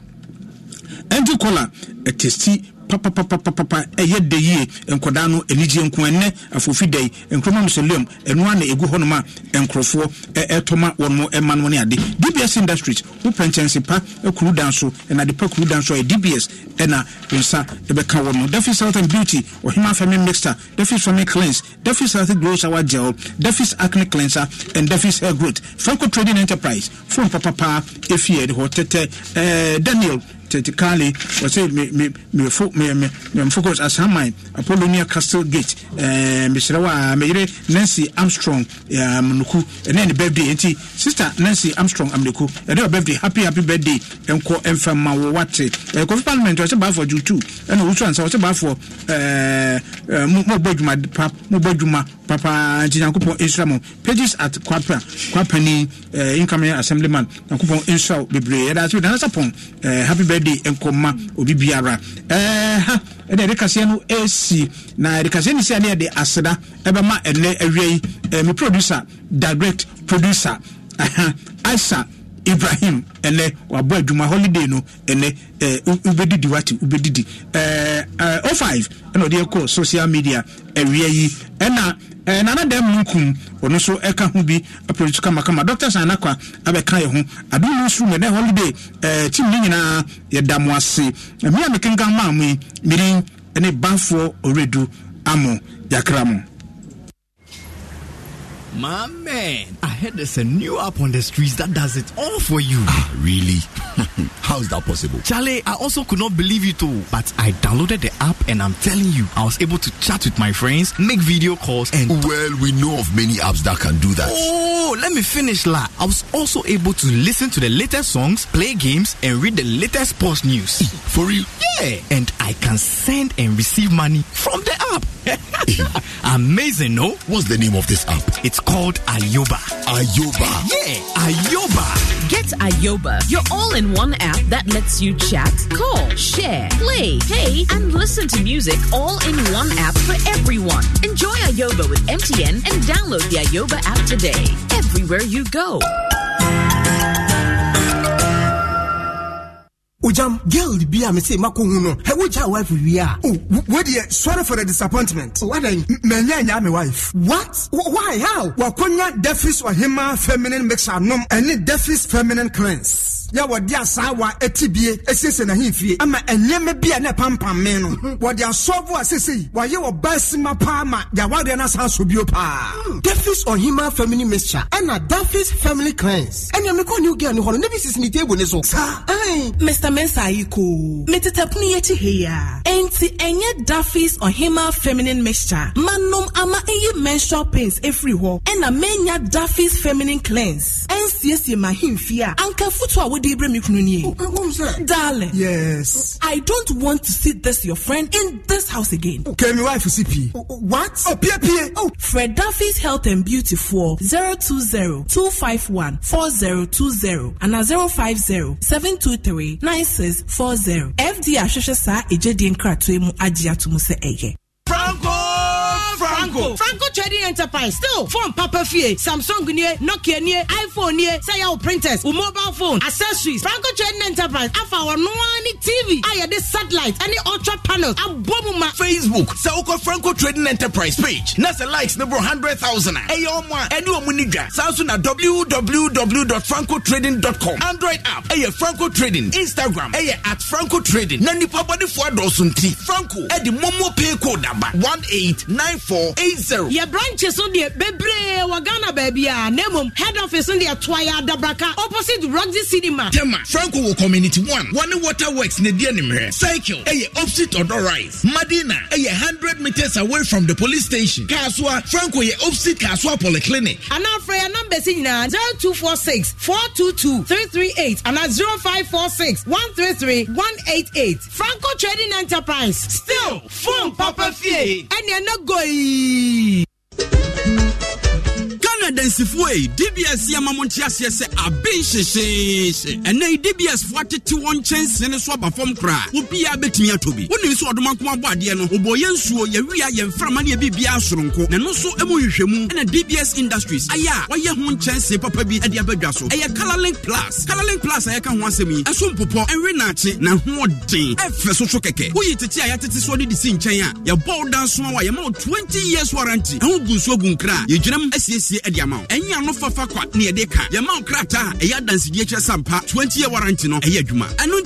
Speaker 1: ɛnti kɔla ɛtɛsi papapapapapa ɛyɛ de yie nkɔdaa no anigye nko ɛnɛ afofi dɛ nkurɔma mausoleum ɛnoa na ɛgu hɔnom a nkurɔfoɔ ɛtɔma wɔn mo ɛma no ne ade dbs industries wo pɛnkyɛnse pa akuru dan so ɛnade pa kuru dan so a dbs ɛna nsa ɛbɛka wɔ no dafis health and beauty ɔhema family mixer dafis family cleanse dafis health grow shower gel dafis acne cleanser and dafis hair growth franco trading enterprise phone papapa ɛfie de hɔ tɛtɛ daniel tete kale wɔsɛ memfocus asaman apolonia castle gate eh, mesrɛ w a meyere nancy armstrong amnoku ɛne ne birthday enti sister nancy armstrong amnoku ɛne wɔ birthday happy happy birthday ɛnkɔ ɛmfa ma wɔ wate eh, kɔfi parliament wɔsɛ baafoɔ dwutu ɛna wɔsu ansa wɔsɛ baafoɔ mobɔ adwuma pa mobɔ adwuma papa nti nyankopɔn nsira mu pages at kwapa kwapa ni eh, incoming assemblyman nyankopɔn nsira wo bebree yɛda ase danasa pɔn eh, happy birthday nkɔma obi biara eh, ha ɛna yɛde kaseɛ no ɛsi na yɛde kaseɛ no si a ne yɛde aseda ɛbɛma ɛnɛ awia yi eh, producer direct producer aha aisa ibrahim ɛnɛ wabɔ adwuma holiday no ɛnɛ ɛɛ eh, ubedidi wati ubedidi ɛɛ ɛɛ o five ɛna ɔde ɛkɔ social media ɛwia yi ɛna. Eh, nana dɛm eh, eh, mu kum ɔno nso ɛka ho bi apɔlɔkyi kamakama dɔkta sanakwa abɛka yɛ ho adum no nso mɛ dɛ holiday ɛɛ tim ne nyinaa yɛda mo ase mmea mekenkan maa mo yi mmiri ne banfoɔ ɔredu amo yakra mu.
Speaker 4: My man, I heard there's a new app on the streets that does it all for you. Ah, really? How is that possible? Charlie, I also could not believe it too. But I downloaded the app and I'm telling you, I was able to chat with my friends, make video calls, and. Well, we know of many apps that can do that. Oh, let me finish, La. I was also able to listen to the latest songs, play games, and read the latest sports news. Eh, for real? Yeah. And I can send and receive money from the app. Eh. Amazing, no? What's the name of this app? It's called Ayoba. Ayoba.
Speaker 2: Yeah, Ayoba. Get Ayoba, your all in one app that lets you chat, call, share, play, pay, and listen to music all in one app for everyone. Enjoy Ayoba with MTN and download the Ayoba app today. Everywhere you go. ojam
Speaker 1: girl bi a mese mako hu no hɛ wogya wife wie a oh wodeɛ eh, sorry for the disappointment oh, wadan manya nya me wife what why how wakonya defis ɔhema feminine mixture nom ɛne defis feminine cleanse yɛ wɔde asaawa na asiesie n'ahemfie ama nneɛma bi a na ɛpampam me no mm-hmm. wɔde asɔvo a seesei wɔayɛ wɔ baasima paa ma yawadeɛ no asan so bio paa mm. defis ɔhema feminine mixture ɛna defis
Speaker 4: feminine cleanse ɛnea mekɔ new girl ne hɔ no ne bi sisi ne table ne so saa mr mensa yi ko metetɛpo no yɛkyi hei a enti ɛnyɛ dafis ɔhema feminine mixture Manum ama ɛyi menstrual pains ɛfiri hɔ ɛna manya dafis feminine cleanse ɛnsiesie mahemfie a anka foto a wode berɛ me kunu nie darling yes i don't want to see this your friend in this house again my oh, wife is cp oh, oh, what oh pie pie oh fred dafis health and beauty for 020 251 4020 and 050 723 9640 fdr hwehwɛ saa egyedie nkratoe mu agye ato mu sɛ ɛyɛ mango franco trading enterprise still phone papa fie samsung nie nokia nie iphone nie sayaw printers wo mobile phone accessories franco trading enterprise afa no any tv a the satellite any ultra panels abɔ mu ma. facebook sɛ wokɔ franco trading enterprise page na sɛ likes number bɔ hundred thousand a ɛyɛ ɔmo a ɛne ɔmo ni dwa saa nso na www.francotrading.com android app ɛyɛ franco trading instagram ɛyɛ at franco trading na nipa bɔdefoɔ adɔɔso nti franco ɛde momo pay code number one eight nine four eight yɛ branches so deɛ bebree wɔ ghana baabi a na head office so deɛ toa yɛ adabraka opposite roxy cinema. tema franco wɔ community one wɔne water works na di anim hɛ cycle ɛyɛ opposite ɔdɔ rise madina ɛyɛ hundred meters away from the police station kaasua franco yɛ opposite kaasua polyclinic. anafra yɛ number si nyinaa zero two four six four two two three three eight at zero five four six one three three one eight eight franco trading enterprise still phone papa fie ɛnna ɛna goyi. Kiswahili. ɛna dansifoɔ yi dbs yɛ ma mo nte aseɛ sɛ aben hyehyeehye ɛnɛ yi dbs foɔ atete wɔn nkyɛnsee ne so aba fam koraa wobiaa bɛtumi atɔ bi wonim sɛ ɔdoma nko abɔ adeɛ no wɔbɔ yɛ nsuo yɛwia yɛmframa ne yɛbirbiaa soronko na no so mu nhwehwɛmu ɛna dbs industries ayɛ a wɔyɛ ho nkyɛnsee papa bi de abadwa so ɛyɛ colorlink plus colorlink plus a yɛka ho asɛm yi ɛso mpopɔ ɛnwe naakye na hoɔden ɛfɛ soso so kɛkɛ woyi tete a yɛatete soɔ de de si nkyɛn a yɛbɔ wo dansoa wɔ yɛma wo 20 years warranty ɛho gu nsuo gu nkra a yɛgyinam asiesie de ama wo ɛnyɛ ano fafa kwa ne yɛde ka yɛma wo krataa a ɛyɛ adansedie kyerɛ sampa 20 yɛ warranty no ɛyɛ adwuma ɛno